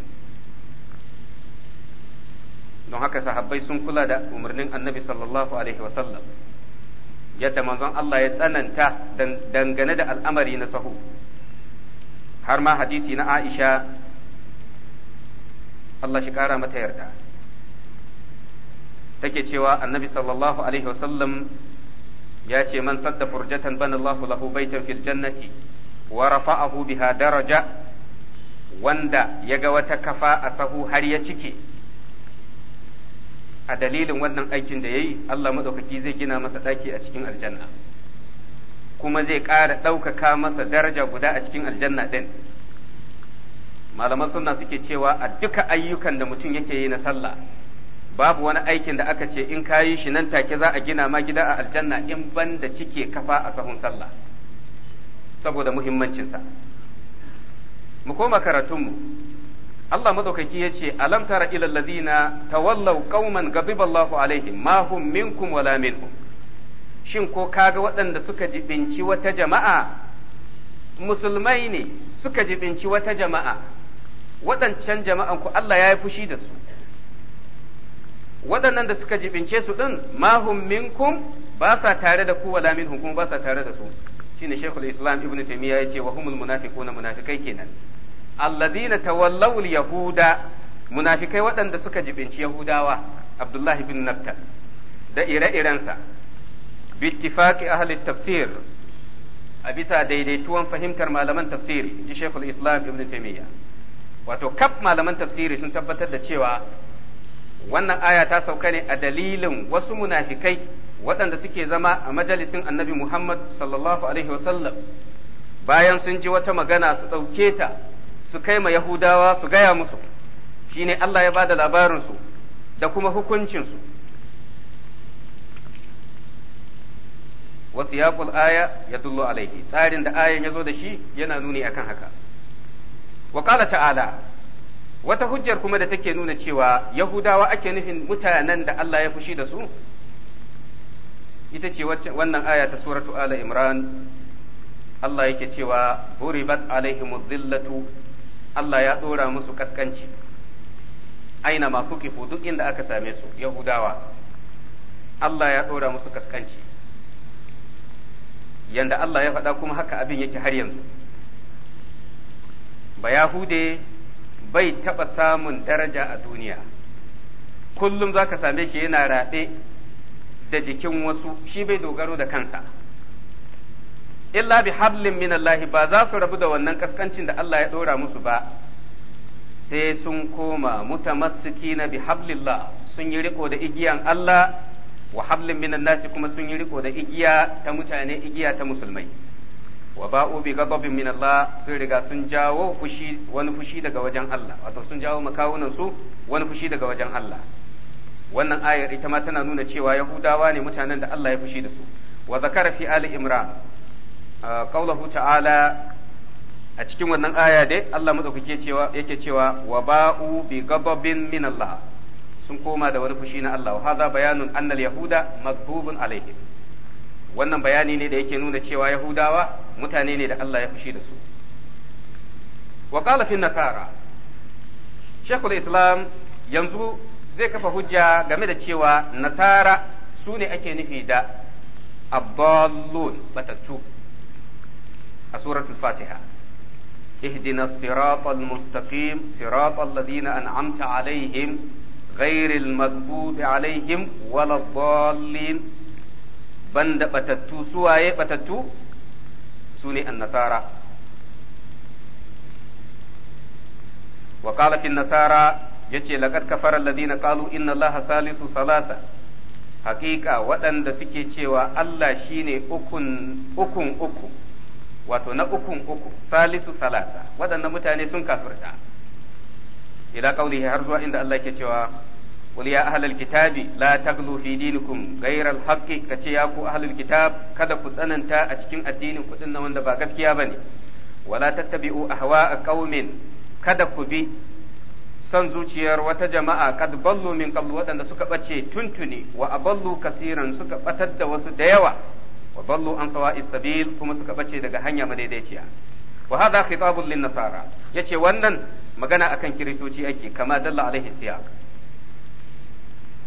don haka sahabbai sun kula da umarnin annabi sallallahu alaihi wasallam yadda manzon Allah ya tsananta dangane da al'amari na sahu har ma hadisi na Aisha Allah shi kara mata yarda take cewa annabi sallallahu alaihi wasallam ya ce man sadda furjatan bana Allahu lahu baitan fil jannati wa rafa'ahu biha daraja wanda ya ga wata kafa a sahu har ya cike a dalilin wannan aikin da yayi Allah madaukaki zai gina masa daki a cikin aljanna kuma zai ƙara ɗaukaka masa daraja guda a cikin aljanna ɗin malaman sunna suke cewa a duka ayyukan da mutum yake yi na sallah babu wani aikin da aka ce in kayi shi nan take za a gina ma gida a aljanna in ban da cike kafa a sahun sallah saboda muhimmancinsa mu koma karatunmu Allah madaukaki ya ce alam tara ilal ladina tawallaw qauman ghadiba Allahu alaihim ma hum minkum wala minhum shin ko kaga waɗanda suka jibinci wata jama'a musulmai ne suka jibinci wata jama'a waɗancan jama'an ku Allah ya yi fushi da su waɗannan da suka jibince su ɗin mahum minkum ba sa tare da ku wala minhum kuma ba sa tare da su shine shekul islam ibn taymiya yace wa humul munafiquna munafikai kenan alladhina tawallaw al yahuda munafikai waɗanda suka jibinci yahudawa abdullah ibn nabta da ire-irensa bittifaqi ahli tafsir a bisa daidaituwan fahimtar malaman tafsiri ji shekul islam ibn taymiya wato kaf malaman tafsiri sun tabbatar da cewa wannan aya ta sauka ne a dalilin wasu munafikai waɗanda suke zama a majalisin annabi Muhammad sallallahu alaihi wasallam bayan sun ji wata magana su ɗauke ta su kai ma Yahudawa su gaya musu shine Allah ya ba da labarinsu da kuma hukuncinsu wasu yaƙul aya ya dullo alaihi tsarin da ayan ya zo da shi yana nuni akan haka wa ta'ala wata hujjar kuma da take nuna cewa yahudawa ake nufin mutanen da Allah ya fushi da su ita ce wannan aya ta suratu ala imran Allah yake cewa buribat alaihimu dhillatu Allah ya dora musu kaskanci aina ma kuke duk inda aka same su yahudawa Allah ya dora musu kaskanci yanda Allah ya faɗa kuma haka abin yake har yanzu ba yahude bai taɓa samun daraja a duniya kullum za ka same shi yana raɗe da jikin wasu shi bai dogaro da kansa illa bi hablin min Allah ba za su rabu da wannan kaskancin da Allah ya ɗora musu ba sai sun koma mutamassikina bi hablillah sun yi riko da igiyan Allah wa hablin minan nasi kuma sun yi riko da igiya ta mutane igiya ta musulmai wa ba'u bi ghadabin min Allah sun riga sun jawo fushi wani fushi daga wajen Allah wato sun jawo makawunan su wani fushi daga wajen Allah wannan ayar ita ma tana nuna cewa Yahudawa ne mutanen da Allah ya fushi da su wa zakara fi ali imran qawluhu ta'ala a cikin wannan aya dai Allah madaukake cewa yake cewa wa ba'u bi ghadabin min Allah sun koma da wani fushi na Allah wa hadha bayanun annal yahuda maghdubun alaihim wannan bayani ne da yake nuna cewa yahudawa mutane ne da Allah ya fushi da su wa qala fi nasara shekul islam yanzu zai kafa hujja game da cewa nasara su ne ake nufi da abdallun batattu a suratul fatiha اهدنا الصراط المستقيم صراط الذين أنعمت عليهم غير المغضوب عليهم ولا الضالين banda batattu suwaye batattu su ne annasara wa fi nasara yace laqad kafara ladina kalu inna allaha salisu salasa haqiqa waɗanda suke cewa Allah shine ne ukun uku wato na ukun uku salisu salasa waɗanda mutane sun kafirta ila qaulihi har zuwa inda Allah ke cewa qul ya ahlal kitabi la taglu fi dinikum ghayra al-haqqi kace ya ku ahlul kitab kada ku tsananta a cikin addinin kuɗin dinnan wanda ba gaskiya bane wala tattabi'u ahwa'a qaumin kada ku bi son zuciyar wata jama'a kad ballu min qablu waɗanda suka ɓace tuntuni wa aballu kasiran suka ɓatar da wasu da yawa wa ballu an sawa'is sabil kuma suka ɓace daga hanya madaidaiciya wa hadha khitabun lin nasara yace wannan magana akan kiristoci ake kama dalla alaihi siyaq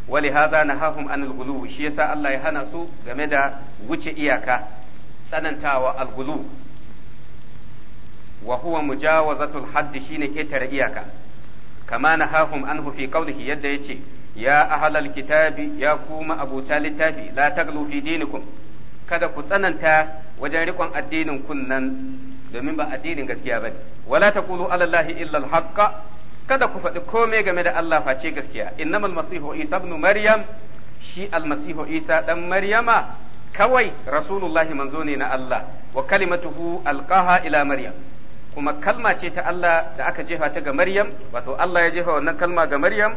wali na nahahum anil ghuluw shi yasa Allah ya hana su game da wuce iyaka tsanantawa al ghuluw wa huwa mujawazatul hadd shine ketare iyaka kama nahahum anhu fi qawlihi yadda yace ya ahlal kitabi ya kuma abuta littafi la taglu fi dinikum kada ku tsananta wajen rikon addinin kunnan domin ba addinin gaskiya bane wala ta ala allahi illa al kada ku faɗi komai game da Allah face gaskiya innamal masihu isa ibn maryam shi almasihu isa dan maryama kawai rasulullahi manzo ne na Allah wa kalimatuhu alqaha ila maryam kuma kalma ce ta Allah da aka jefa ta ga maryam wato Allah ya jefa wannan kalma ga maryam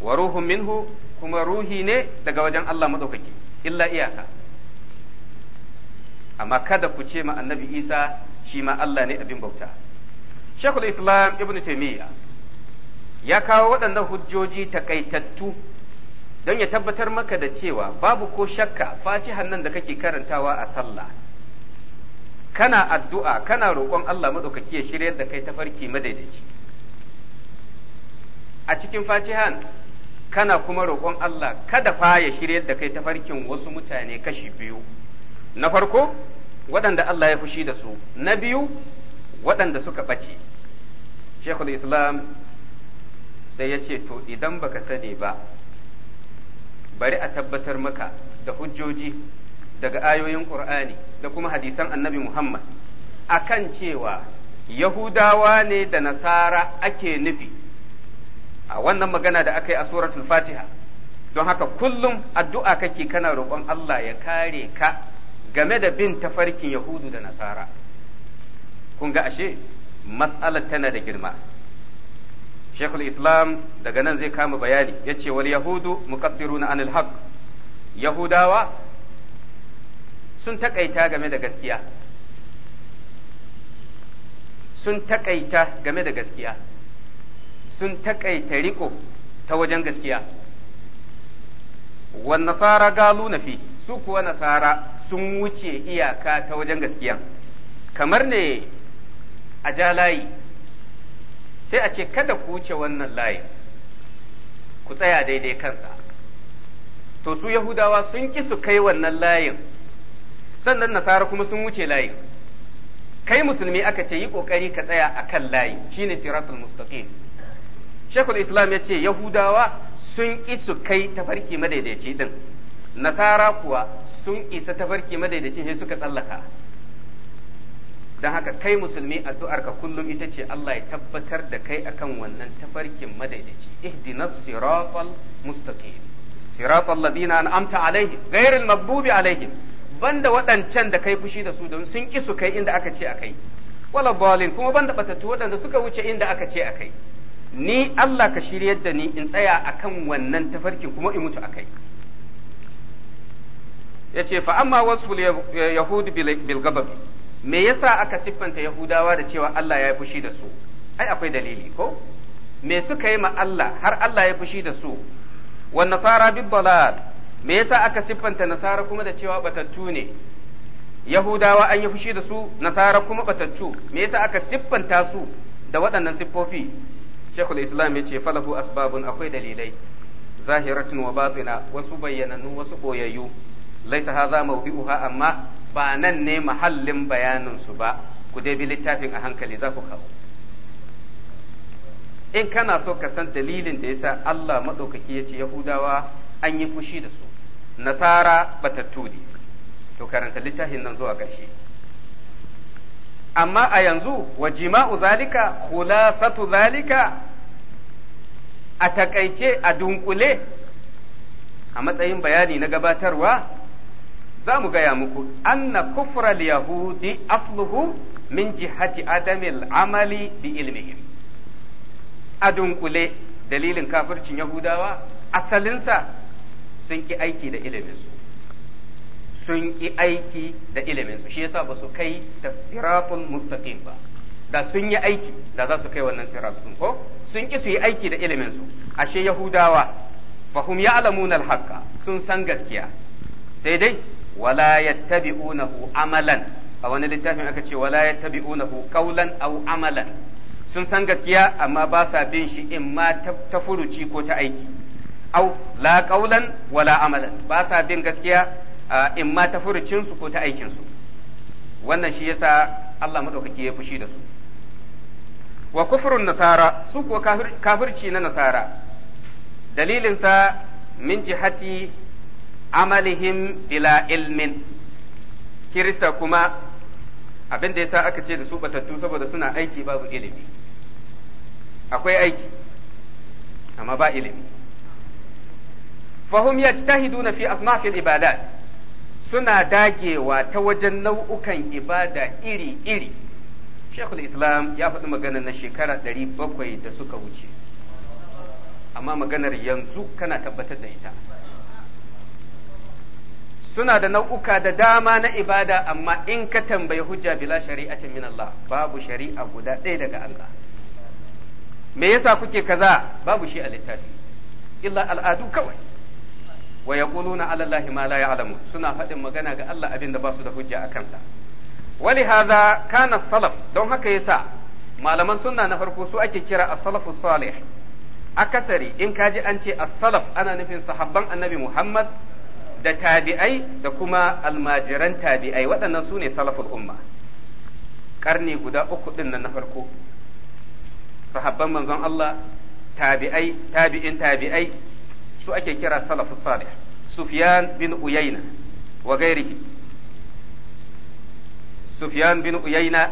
wa ruhun minhu kuma ruhi ne daga wajen Allah madaukaki illa iyaka amma kada ku ce ma annabi isa shi ma Allah ne abin bauta Shekul Islam Ibn Taymiyya ya kawo waɗannan hujjoji takaitattu don ya tabbatar maka da cewa babu ko shakka fatihan nan da kake karantawa a sallah kana addu'a kana roƙon Allah maɗaukaki ya shiryar da kai ta farki madaidaici a cikin fatihan kana kuma roƙon Allah kada fa ya shiryar da kai ta farkin wasu mutane kashi biyu na farko waɗanda Allah ya fushi da su na biyu waɗanda suka ɓace shekul islam sai ya ce to idan baka sani ba bari a tabbatar maka da hujjoji daga ayoyin ƙur'ani da kuma hadisan annabi muhammad akan cewa yahudawa ne da nasara ake nufi a wannan magana da aka yi a suratul fatiha don haka kullum addu'a kake kana roƙon allah ya kare ka game da bin tafarkin yahudu da nasara kun ga ashe matsalar tana da girma shekul islam daga nan zai kama bayani ya ce wal yahudu muqassiruna anil haq yahudawa sun takaita game da gaskiya sun takaita game da gaskiya sun takaita riko ta wajen gaskiya wan nasara galu na fi su kuwa nasara sun wuce iyaka ta wajen gaskiya kamar ne a jalayi sai a ce kada ku wuce wannan layi ku tsaya daidai kansa to su yahudawa sun ki su kai wannan layin sannan nasara kuma sun wuce layi kai musulmi aka ce yi kokari ka tsaya akan layi shine siratul mustaqim shekul islam ya ce yahudawa sun ki su kai tafarki madaidaici din nasara kuwa sun isa tafarki madaidaici sai suka tsallaka don haka kai musulmi addu'ar ka kullum ita ce Allah ya tabbatar da kai akan wannan tafarkin madaidaici ihdinas siratal mustaqim siratal ladina an'amta alaihim ghairil maghdubi alaihim banda waɗancan da kai fushi da su don sun ki su kai inda aka ce akai wala balin kuma banda batattu waɗanda suka wuce inda aka ce akai ni Allah ka shiryar da ni in tsaya akan wannan tafarkin kuma in mutu akai yace fa amma wasful yahud bil me yasa aka siffanta yahudawa da cewa Allah ya yi fushi da su ai akwai dalili ko me suka yi ma Allah har Allah ya fushi da su wa nasara bi dalal me yasa aka siffanta nasara kuma da cewa batattu ne yahudawa an yi fushi da su nasara kuma batattu me yasa aka siffanta su da waɗannan siffofi shekul islam ya ce falahu asbabun akwai dalilai zahiratun wa batina wasu bayyanannu wasu boyayyu laisa hadha mawdi'uha amma ba nan ne mahallin bayaninsu ba ku dai bi littafin a hankali za ku kawo in kana so ka san dalilin da yasa Allah maɗaukaki ya ce Yahudawa an yi fushi da su nasara batattu ne to karanta littafin nan zuwa ƙarshe amma a yanzu wa jima'u zalika khulasatu zalika a takaice a dunkule a matsayin bayani na gabatarwa za mu gaya muku anna kufral yahudi asluhu min jihati adamil amali bi ilmihim a dunkule dalilin kafircin yahudawa asalinsa sun ki aiki da iliminsu sun ki aiki da iliminsu shi yasa ba su kai da siratul mustaqim ba da sun yi aiki da za su kai wannan siratul ko sun ki su yi aiki da iliminsu ashe yahudawa fahum ya'lamuna al-haqqa sun san gaskiya sai dai wala yattabi'unahu amalan a wani littafin aka ce wala yattabi'unahu qawlan aw amalan sun san gaskiya amma ba sa bin shi in ma ta furuci ko ta aiki au la qawlan wala amalan ba sa bin gaskiya in ma ta furucin su ko ta aikin su wannan shi yasa Allah madaukaki ya fushi da su wa kufrun nasara su ko kafirci na nasara dalilin sa min jihati amalihim ila ilmin kirista kuma abin da yasa aka ce da su batattu saboda suna aiki babu ilimi akwai aiki amma ba ilimi fahum yajtahiduna fi asnafil ibadat suna dagewa ta wajen nau'ukan ibada iri-iri shekul islam ya faɗi magana na shekara ɗari bakwai da suka wuce amma maganar yanzu kana tabbatar da ita suna da nau'uka da dama na ibada amma in ka tambayi hujja bila shari'atin min Allah babu shari'a guda ɗaya daga Allah me yasa kuke kaza babu shi a littafi illa al'adu kawai wa yaquluna ala Allah ma la ya'lamu suna faɗin magana ga Allah abinda ba su da hujja a kansa wali hadha kana salaf don haka yasa malaman sunna na farko su ake kira as-salafu salih akasari in kaji an ce as-salaf ana nufin sahabban annabi Muhammad da tabi'ai da kuma almajiran tabi'ai waɗannan su ne salaful umma ƙarni guda uku ɗin nan na farko sahabban manzon Allah tabi'ai tabi'in tabi'ai su ake kira salafus salih sufyan bin Uyaina, wa gairihi sufyan bin Uyaina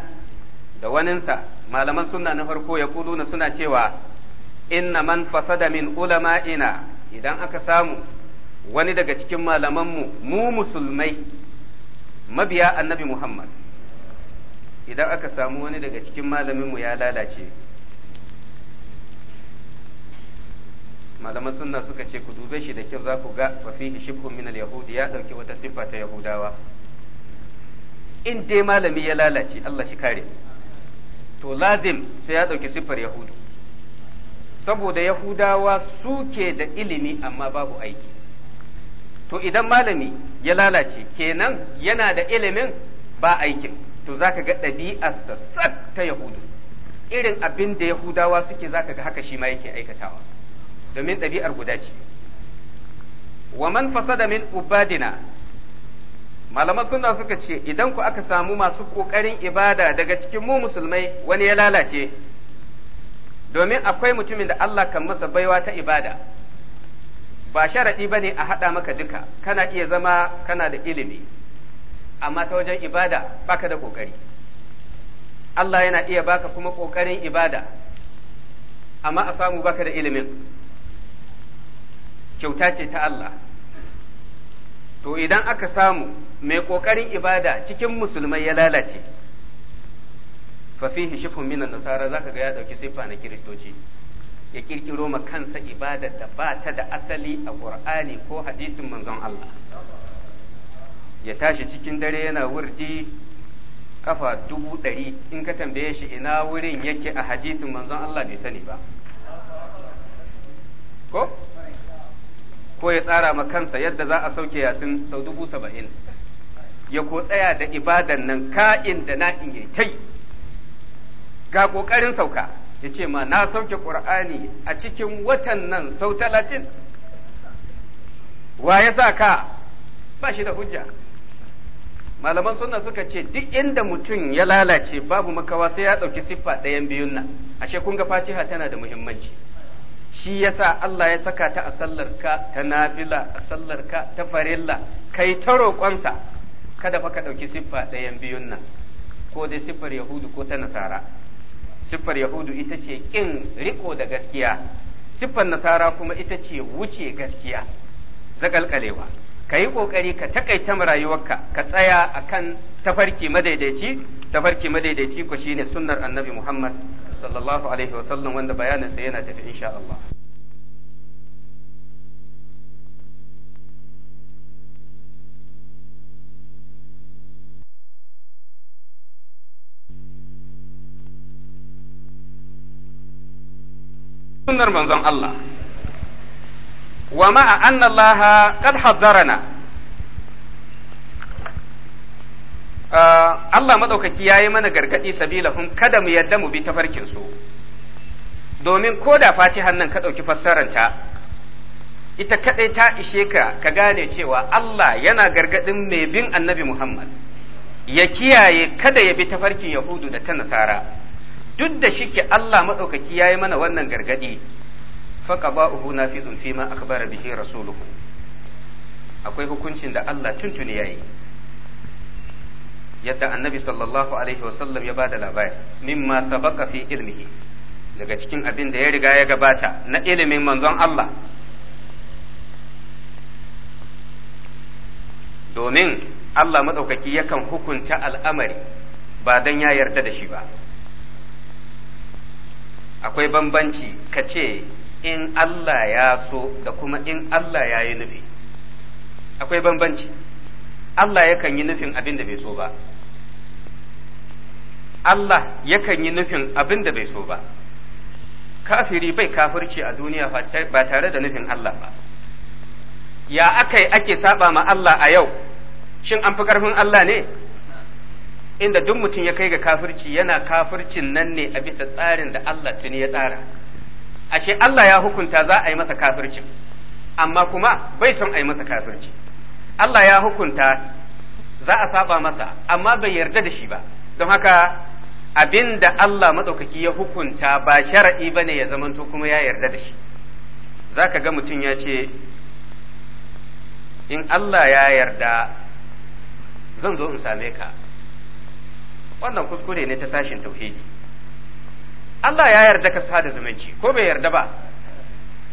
da waninsa malaman sunna na farko ya kuluna suna cewa inna man fasada min ulama'ina idan aka samu wani daga cikin malamanmu mu musulmai mabiya annabi Muhammad idan aka samu wani daga cikin malaminmu ya lalace malaman sunna suka ce ku dube shi da kyau za ku ga wa fihi shibhun min al-yahudi ya dauki wata siffa ta yahudawa in dai malami ya lalace Allah shi kare to lazim sai ya dauki siffar yahudu saboda yahudawa suke da ilimi amma babu aiki to idan malami ya lalace kenan yana da ilimin ba aikin to zaka ga ɗabi'arsa sak ta yahudu irin abin da yahudawa suke zaka ga haka shi ma yake aikatawa domin ɗabi'ar guda ce wa man fasada min ubadina malaman sunna suka ce idan ku aka samu masu ƙoƙarin ibada daga cikin mu musulmai wani ya lalace domin akwai mutumin da Allah kan masa baiwa ta ibada ba sharaɗi ba ne a haɗa maka duka kana iya zama kana da ilimi amma ta wajen ibada baka da ƙoƙari Allah yana iya baka kuma ƙoƙarin ibada amma a samu baka da ilimin kyauta ce ta Allah to idan aka samu mai ƙoƙarin ibada cikin musulmai ya lalace fa fihi shifun minan nasara zaka ga ya ɗauki siffa na kiristoci ya kirkiro ma kansa ibada da ba ta da asali a qur'ani ko hadisin manzon Allah ya tashi cikin dare yana wurdi kafa dubu ɗari in ka tambaye shi ina wurin yake a hadisin manzon Allah bai sani ba ko ko ya tsara ma kansa yadda za a sauke yasin sau dubu saba'in ya ko tsaya da ibadan nan ka'in da na'in ya kai ga ƙoƙarin sauka ya ce ma na sauke ƙur'ani a cikin watan nan sau talatin wa ya sa ka ba shi da hujja malaman suna suka ce duk inda mutum ya lalace babu makawa sai ya ɗauki siffa ɗayan biyun nan ashe kun ga fatiha tana da muhimmanci shi ya sa Allah ya saka ta a ka ta nafila a sallar ka ta farilla kai ta roƙonsa kada fa ka ɗauki siffa ɗayan biyun nan ko dai siffar yahudu ko ta nasara siffar yahudu ita ce ƙin riko da gaskiya siffar nasara kuma ita ce wuce gaskiya zakalkalewa ka yi ƙoƙari ka takaita rayuwarka ka tsaya a kan tafarki madaidaici tafarki madaidaici ku shine sunnar annabi muhammad sallallahu alaihi wasallam wanda bayaninsa yana tafi insha Allah sunnar manzon Allah wa ma'a anna Allah qad hazzarana ah, Allah madaukaki yayi mana gargadi sabilahum kada mu yadda mu bi tafarkin su domin ko da faci hannun ka dauki fassaranta ita kadai ta ishe ka ka gane cewa Allah yana gargadin mai bin Annabi Muhammad ya kiyaye kada ya bi tafarkin Yahudu da ta Nasara duk da shike Allah maɗaukaki ya yi mana wannan gargaɗi faƙaba'uhu na fi zunfi ma akbara bihi rasuluhu akwai hukuncin da Allah tuntuni ya yi yadda annabi sallallahu alaihi wasallam ya bada labari mimma sabaqa fi ilmihi daga cikin abin da ya riga ya gabata na ilimin manzon Allah domin Allah maɗaukaki yakan hukunta al'amari ba don ya yarda da shi ba akwai bambanci ka ce in Allah ya so da kuma in Allah ya yi nufi akwai bambanci Allah yakan yi nufin abin da bai so ba Allah yakan yi nufin abin da bai so ba kafiri bai kafirci a duniya ba tare da nufin Allah ba ya aka yi ake saba ma Allah a yau shin an fi ƙarfin Allah ne inda duk mutum ya kai ga kafirci yana kafircin nan ne a bisa tsarin da Allah tuni ya tsara ashe Allah ya hukunta za a yi masa kafircin amma kuma bai son a yi masa kafirci Allah ya hukunta za a saba masa amma bai yarda da shi ba don haka abinda Allah matsaukaki ya hukunta ba shara'i ba ne ya zamanto kuma ya yarda da shi za ka ga mutum ya ce in Allah ya yarda zan zo in same ka wannan kuskure ne ta sashen tauhidi Allah ya yarda ka sada zumunci ko bai yarda ba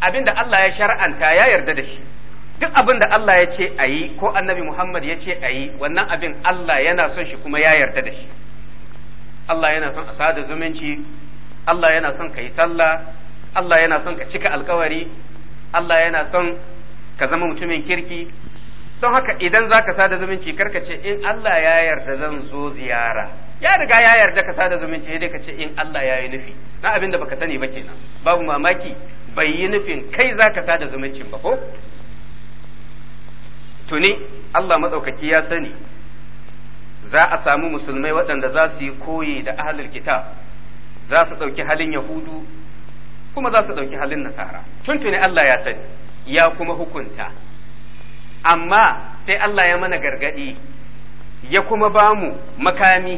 abinda Allah ya shar'anta ya yarda da shi duk abin da Allah ya ce a yi ko annabi Muhammad ya ce a yi wannan abin Allah yana son shi kuma ya yarda da shi Allah yana son a sada zumunci Allah yana son ka yi sallah Allah yana son ka cika alkawari Allah yana son ka zama mutumin kirki don haka idan za ka sada zumunci karka ce in Allah ya yarda zan zo ziyara ya riga ya yarda ka sada zumunci dai ka ce in Allah ya yi nufi na abin da baka sani ba kenan babu mamaki bai yi nufin kai za ka sada zumuncin ba ko tuni Allah matsaukaki ya sani za a samu musulmai waɗanda za su yi koyi da ahlul kitab za su ɗauki halin yahudu kuma za su ɗauki halin nasara tun tuni Allah ya sani ya kuma hukunta amma sai Allah ya mana gargaɗi ya kuma bamu makami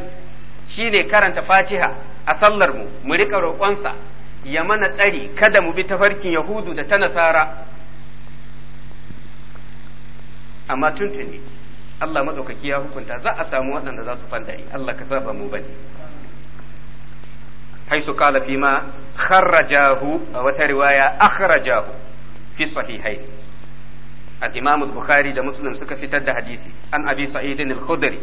Shi ne karanta fatiha a sallar mu mu rika roƙonsa ya mana tsari kada mu bi tafarkin yahudu da ta nasara amma tuntuni Allah maɗaukaki ya hukunta za a samu waɗanda za su fandari Allah ka saba mu bane haisu kala fi ma kharrajahu a wata riwaya akhrajahu fi sahihaini al-imam al-bukhari da muslim suka fitar da hadisi an abi sa'idin al-khudri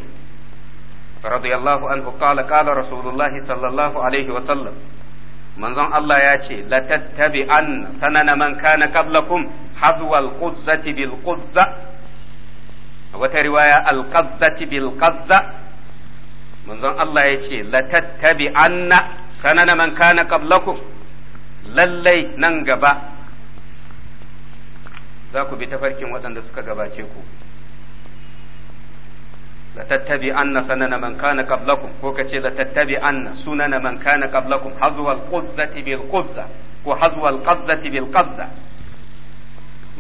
radiyallahu anhu qala qala rasulullah sallallahu alaihi wa sallam manzon Allah ya ce la tattabi an sanana man kana qablakum hazwal quzzati bil quzza wata riwaya al qazzati bil qazza manzon Allah ya ce la tattabi anna sanana man kana qablakum lallai nan gaba za ku bi tafarkin waɗanda suka gabace ku la tattabi anna sanana man kana qablakum ko kace la tattabi anna sunana man kana qablakum hazwal quzzati bil quzza ko hazwal qazzati bil qazza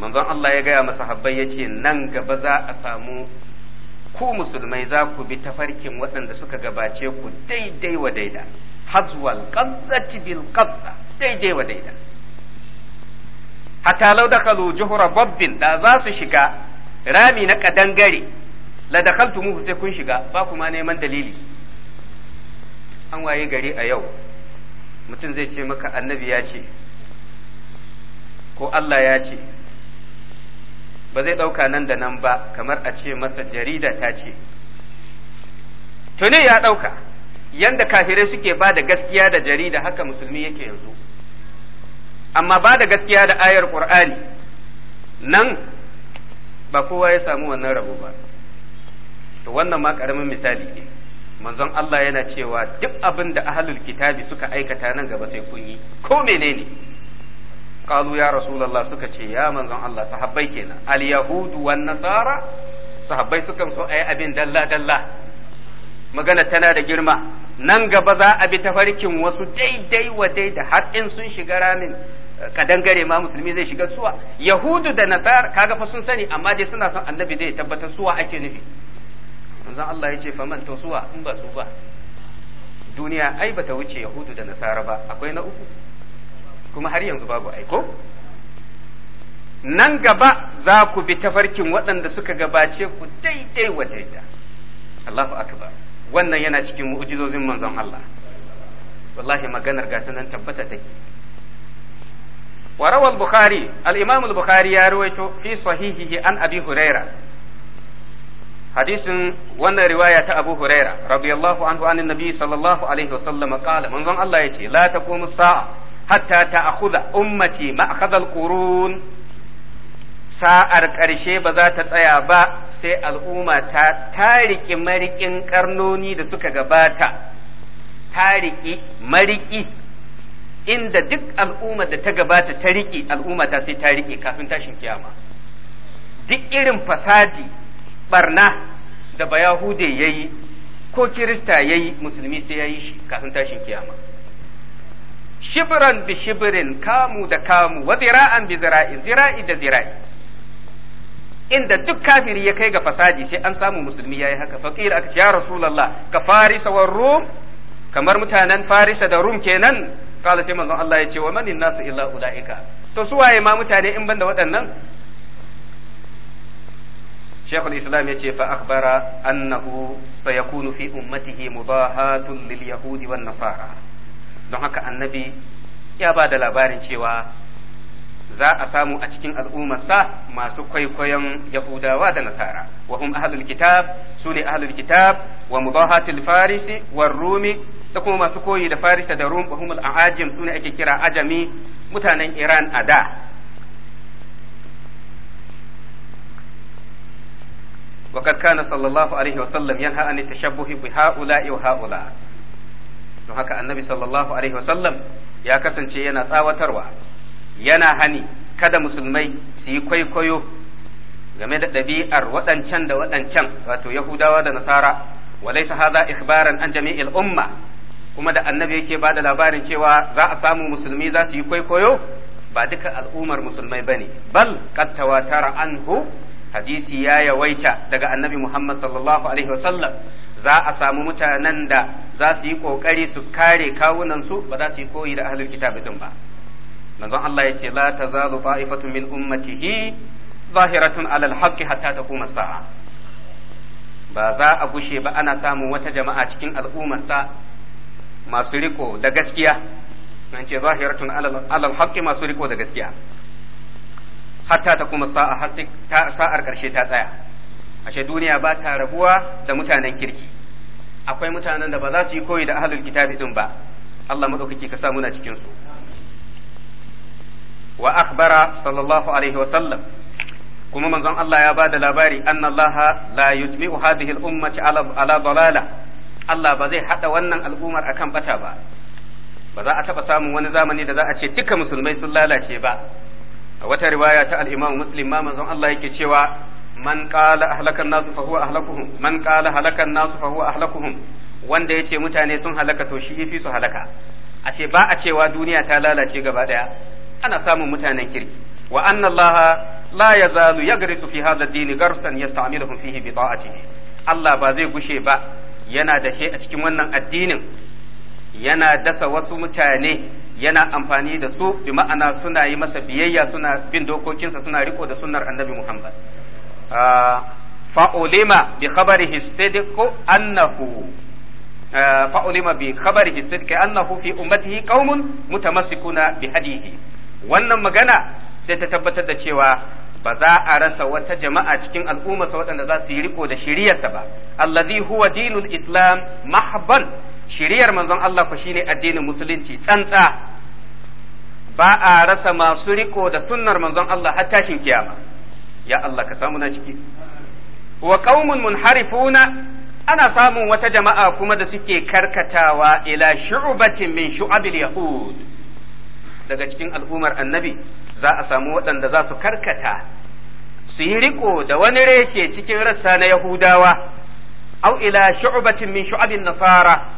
manzon Allah ya gaya masahabbai yace nan gaba za a samu ku musulmai za ku bi tafarkin waɗanda suka gabace ku daidai wa daida hazwal qazzati bil qazza daidai wa daida hatta law dakalu juhra babbin da za su shiga rami na kadangare la dakhaltumuhu sai kun shiga ba kuma neman dalili an waye gari a yau mutum zai ce maka annabi ya ce ko Allah ya ce ba zai ɗauka nan da nan ba kamar a ce masa jarida ta ce tuni ya ɗauka yanda kafirai suke ba da gaskiya da jarida haka musulmi yake yanzu amma ba da gaskiya da ayar ƙur'ani nan ba kowa ya samu wannan rabo ba to wannan ma karamin misali ne manzon Allah yana cewa duk abin da ahlul kitabi suka aikata nan gaba sai kun yi ko menene qalu ya rasulullah suka ce ya manzon Allah sahabbai kenan al yahudu wan nasara sahabbai sukan so ayi abin dalla dalla magana tana da girma nan gaba za a bi tafarkin wasu daidai wa daida har in sun shiga ramin eh, kadangare ma musulmi zai shiga suwa yahudu da nasara kaga fa sun sani amma dai suna son annabi zai tabbatar suwa ake nufi manzon Allah ya ce faman to suwa in ba su ba duniya ai bata wuce yahudu da nasara ba akwai na uku kuma har yanzu babu aiko nan gaba za ku bi tafarkin waɗanda suka gabace ku daidai wa daida Allahu akbar wannan yana cikin mu'jizozin manzon Allah wallahi maganar gata nan tabbata take wa rawal bukhari al-imam al-bukhari ya rawaito fi sahihihi an abi hurairah hadisin wannan riwaya ta Abu Huraira radiyallahu anhu anin nabi sallallahu alaihi wasallam qala manzon Allah yace la taqumu sa'a hatta ta ummati ma akhadha al-qurun sa'ar ƙarshe ba za ta tsaya ba sai al'umma ta tariki mariƙin karnoni da suka gabata tariki mariki inda duk al'umma da ta gabata ta riƙe al'umma ta sai ta riƙe kafin tashin kiyama duk irin fasadi barna da bayahude ya yi ko kirista ya yi musulmi sai ya yi shi kafin tashin kiyama shibiran bi shibirin kamu da kamu wa zira'an bi zira'i zira'i da zira'i inda duk kafiri ya kai ga fasadi sai an samu musulmi ya yi haka faƙir aka ce ya rasulallah ka farisa wa rum kamar mutanen farisa da rum kenan kala sai manzon Allah ya ce wa manin nasu illa ulaika to su waye ma mutane in banda waɗannan shekul islam ya ce fa akhbara annahu sayakunu fi mubahatun lil nasara don haka annabi ya ba da labarin cewa za a samu a cikin al'ummarsa masu kwaikwayon yahudawa da nasara wa hum ahlul kitab su ne ahlul kitab wa mubahatul farisi war rumi da kuma masu koyi da farisa da rum wa hum su ne ake kira ajami mutanen iran a da وقد كان صلى الله عليه وسلم ينهى عن التشبه بهؤلاء وهؤلاء don haka annabi sallallahu alaihi wasallam ya kasance yana tsawatarwa yana hani kada musulmai su yi kwaikwayo game da ɗabi'ar waɗancan da waɗancan wato yahudawa da nasara walaisa hadha ikhbaran an jami'il umma kuma da annabi yake ba da labarin cewa za a samu musulmi za su yi kwaikwayo ba duka al'ummar musulmai bane bal qad tawatara anhu hadisi ya yawaita daga annabi Muhammad sallallahu alaihi wasallam za a samu mutanen da za su yi kokari su kare kawunansu ba za su yi koyi da ahlul kitab din ba manzon Allah ya ce la tazalu ta'ifatun min ummatihi zahiratun alal haqqi hatta taquma sa'a ba za a gushe ba ana samun wata jama'a cikin al'ummarsa masu riko da gaskiya nan ce zahiratun alal haqqi masu riko da gaskiya hatta ta kuma sa'a har sa'ar karshe ta tsaya ashe duniya ba ta rabuwa da mutanen kirki akwai mutanen da ba za su yi koyi da ahlul kitabi din ba Allah madaukaki ka sa muna cikin su wa akhbara sallallahu alaihi wa sallam kuma manzon Allah ya bada labari annallaha la yujmi'u hadhihi al-ummati ala dalala Allah ba zai hada wannan al'ummar akan bata ba ba za a taba samun wani zamani da za a ce duka musulmai sun lalace ba a wata riwaya ta al-Imam Muslim ma manzon Allah yake cewa man qala ahlakan nasu fa huwa ahlakuhum man qala halakan nasu fa huwa ahlakuhum wanda yace mutane sun halaka to shi yafi su halaka ashe ba a cewa duniya ta lalace gaba daya ana samun mutanen kirki wa anna Allah la yazalu yagrisu fi hadha ad-din garsan yasta'miluhum fihi bi ta'atihi Allah ba zai gushe ba yana dashe a cikin wannan addinin yana dasa wasu mutane yana amfani da su bi ma'ana suna yi masa biyayya suna bin dokokinsa suna riko da sunnar annabi Muhammad ah, fa'ulima bi khabarihi sidqu annahu ah, fa'ulima bi khabarihi sidqu annahu fi ummatihi qaumun mutamassikuna bi hadihi wannan magana sai ta tabbatar da cewa ba za a rasa wata jama'a cikin al'ummarsa waɗanda za su yi riko da shiriyarsa ba alladhi huwa dinul islam mahban shiriyar manzon Allah ku shine addinin musulunci tsantsa ba a rasa masu riko da sunnar manzon Allah har tashin kiyama ya Allah ka samu na ciki wa qaumun munharifuna ana samun wata jama'a kuma da suke karkatawa ila shu'batin min shu'abil yahud daga cikin al'ummar annabi za a samu waɗanda za su karkata su yi riko da wani reshe cikin rassa na yahudawa au ila shu'batin min shu'abin nasara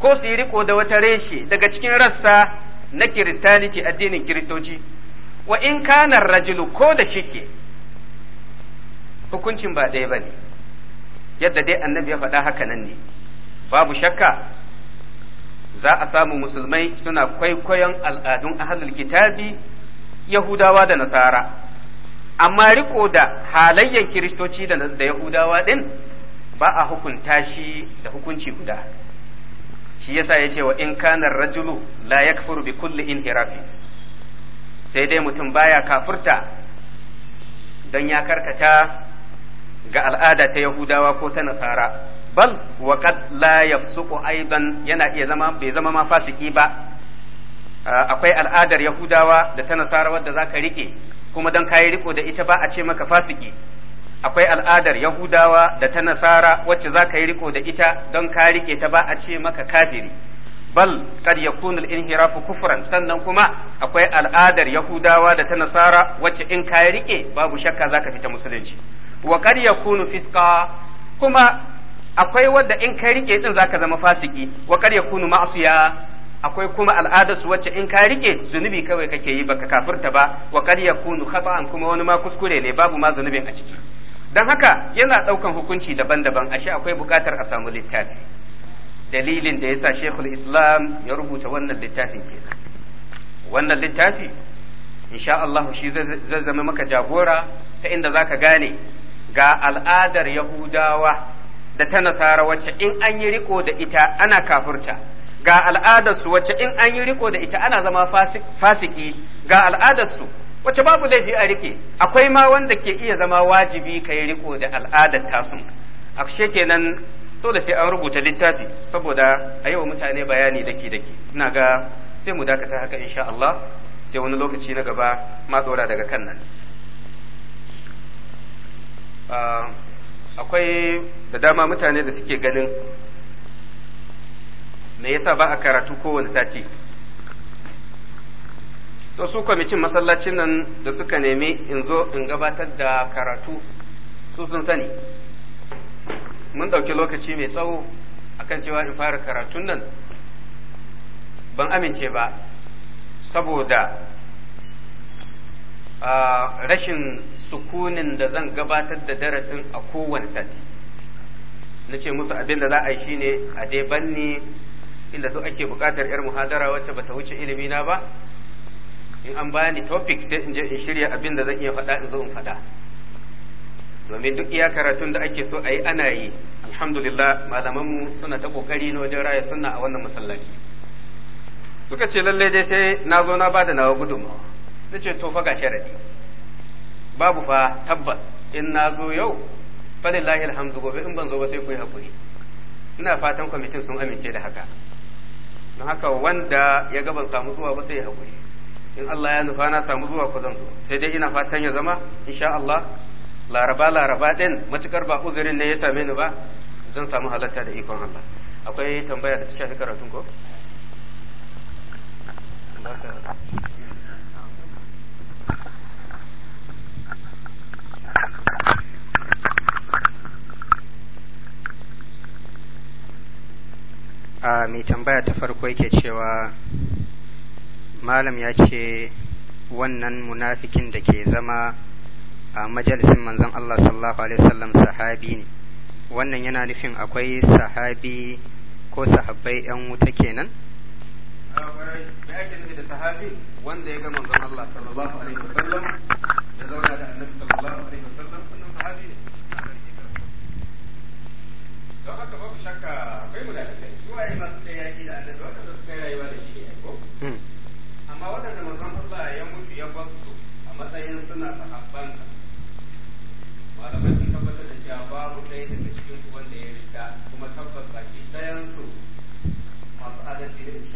ko su yi riko da wata reshe daga cikin rassa na kiristaniti addinin kiristoci wa in kana rajulu ko da shike hukuncin ba ɗaya ba ne. yadda dai annabi ya faɗa haka nan ne babu shakka za a samu musulmai suna kwaikwayon al'adun ahlul kitabi yahudawa da nasara amma riko da halayyar kiristoci da yahudawa ɗin ba a hukunta shi da hukunci guda shi yasa ya ce wa in kana rajulu la yakfuru bi kulli inhirafi sai dai mutum baya kafurta don ya karkata ga al'ada ta yahudawa ko ta nasara bal wa kad la yafsuqu aidan yana iya zama bai zama ma fasiki ba akwai al'adar yahudawa da ta nasara wadda zaka rike kuma don kayi riko da ita ba a ce maka fasiki akwai al'adar yahudawa da ta nasara wacce za ka yi riko da ita don ka rike ta ba a ce maka kafiri bal kad yakunu al-inhirafu kufran sannan kuma akwai al'adar yahudawa da ta nasara wacce in ka rike babu shakka za ka fita musulunci wa kad yakunu fisqa kuma akwai wadda in ka rike din za ka zama fasiki wa kad yakunu ma'siya akwai kuma al'adar su wacce in ka rike zunubi kawai kake yi baka kafirta ba wa kad yakunu khata'an kuma wani ma kuskure ne babu ma zunubin a ciki don haka yana ɗaukan hukunci daban-daban ashe akwai buƙatar a samu littafi dalilin da yasa shekul islam ya rubuta wannan littafin ke. wannan littafi insha Allah shi zai zama maka jagora ta inda zaka gane ga al'adar yahudawa da ta nasara wacce in an yi riko da ita ana kafurta ga al'adarsu wacce in an yi riko da ita ana zama fasiki ga al'adarsu wace babu laifi a rike akwai ma wanda ke iya zama wajibi ka yi riko da al'adar tasun a kenan dole sai an rubuta littafi saboda a yau mutane bayani daki daki ina ga sai mu dakata haka insha Allah sai wani lokaci na gaba ma dora daga kan nan ah, akwai da dama mutane da suke ganin me yasa ba a karatu kowane sati to su kwamitin masallacin nan da suka nemi in zo in gabatar da karatu su sun sani mun ɗauki lokaci mai tsawo akan cewa in fara karatun nan ban amince ba saboda rashin sukunin da zan gabatar da darasin a kowane sati na ce musu abin da za a yi shine a dai banni inda duk ake buƙatar 'yar muhadara wacce bata wuce ilimina ba in an bani topic sai in je in shirya abin da zan iya faɗa in zo in faɗa domin duk iya karatun da ake so a yi ana yi alhamdulillah malamanmu suna ta kokari na wajen raya suna a wannan masallaci suka ce lalle dai sai na zo na bada nawa gudunmawa na ce to fa ga sharadi babu fa tabbas in na zo yau falillahi alhamdu gobe in ban zo ba sai ku yi hakuri ina fatan kwamitin sun amince da haka don haka wanda ya gaban samu zuwa ba sai ya hakuri in Allah ya nufa na samu zuwa ku zan zo sai dai ina fatan ya zama insha Allah laraba laraba din matukar ba uzurin ne ya same ni ba zan samu halatta da ikon Allah akwai tambaya da ta shafi karatun ko a mai tambaya ta farko yake cewa malam ya ce wannan munafikin da ke zama a majalisin manzon Allah sallallahu alaihi wasallam sahabi ne wannan yana nufin akwai sahabi ko sahabbai yan wuta kenan ah, wanda ya ga manzon Allah sallallahu alaihi wasallam ya zauna da annabi sallallahu alaihi su kai rayuwa da shi yang t e n a h tahapan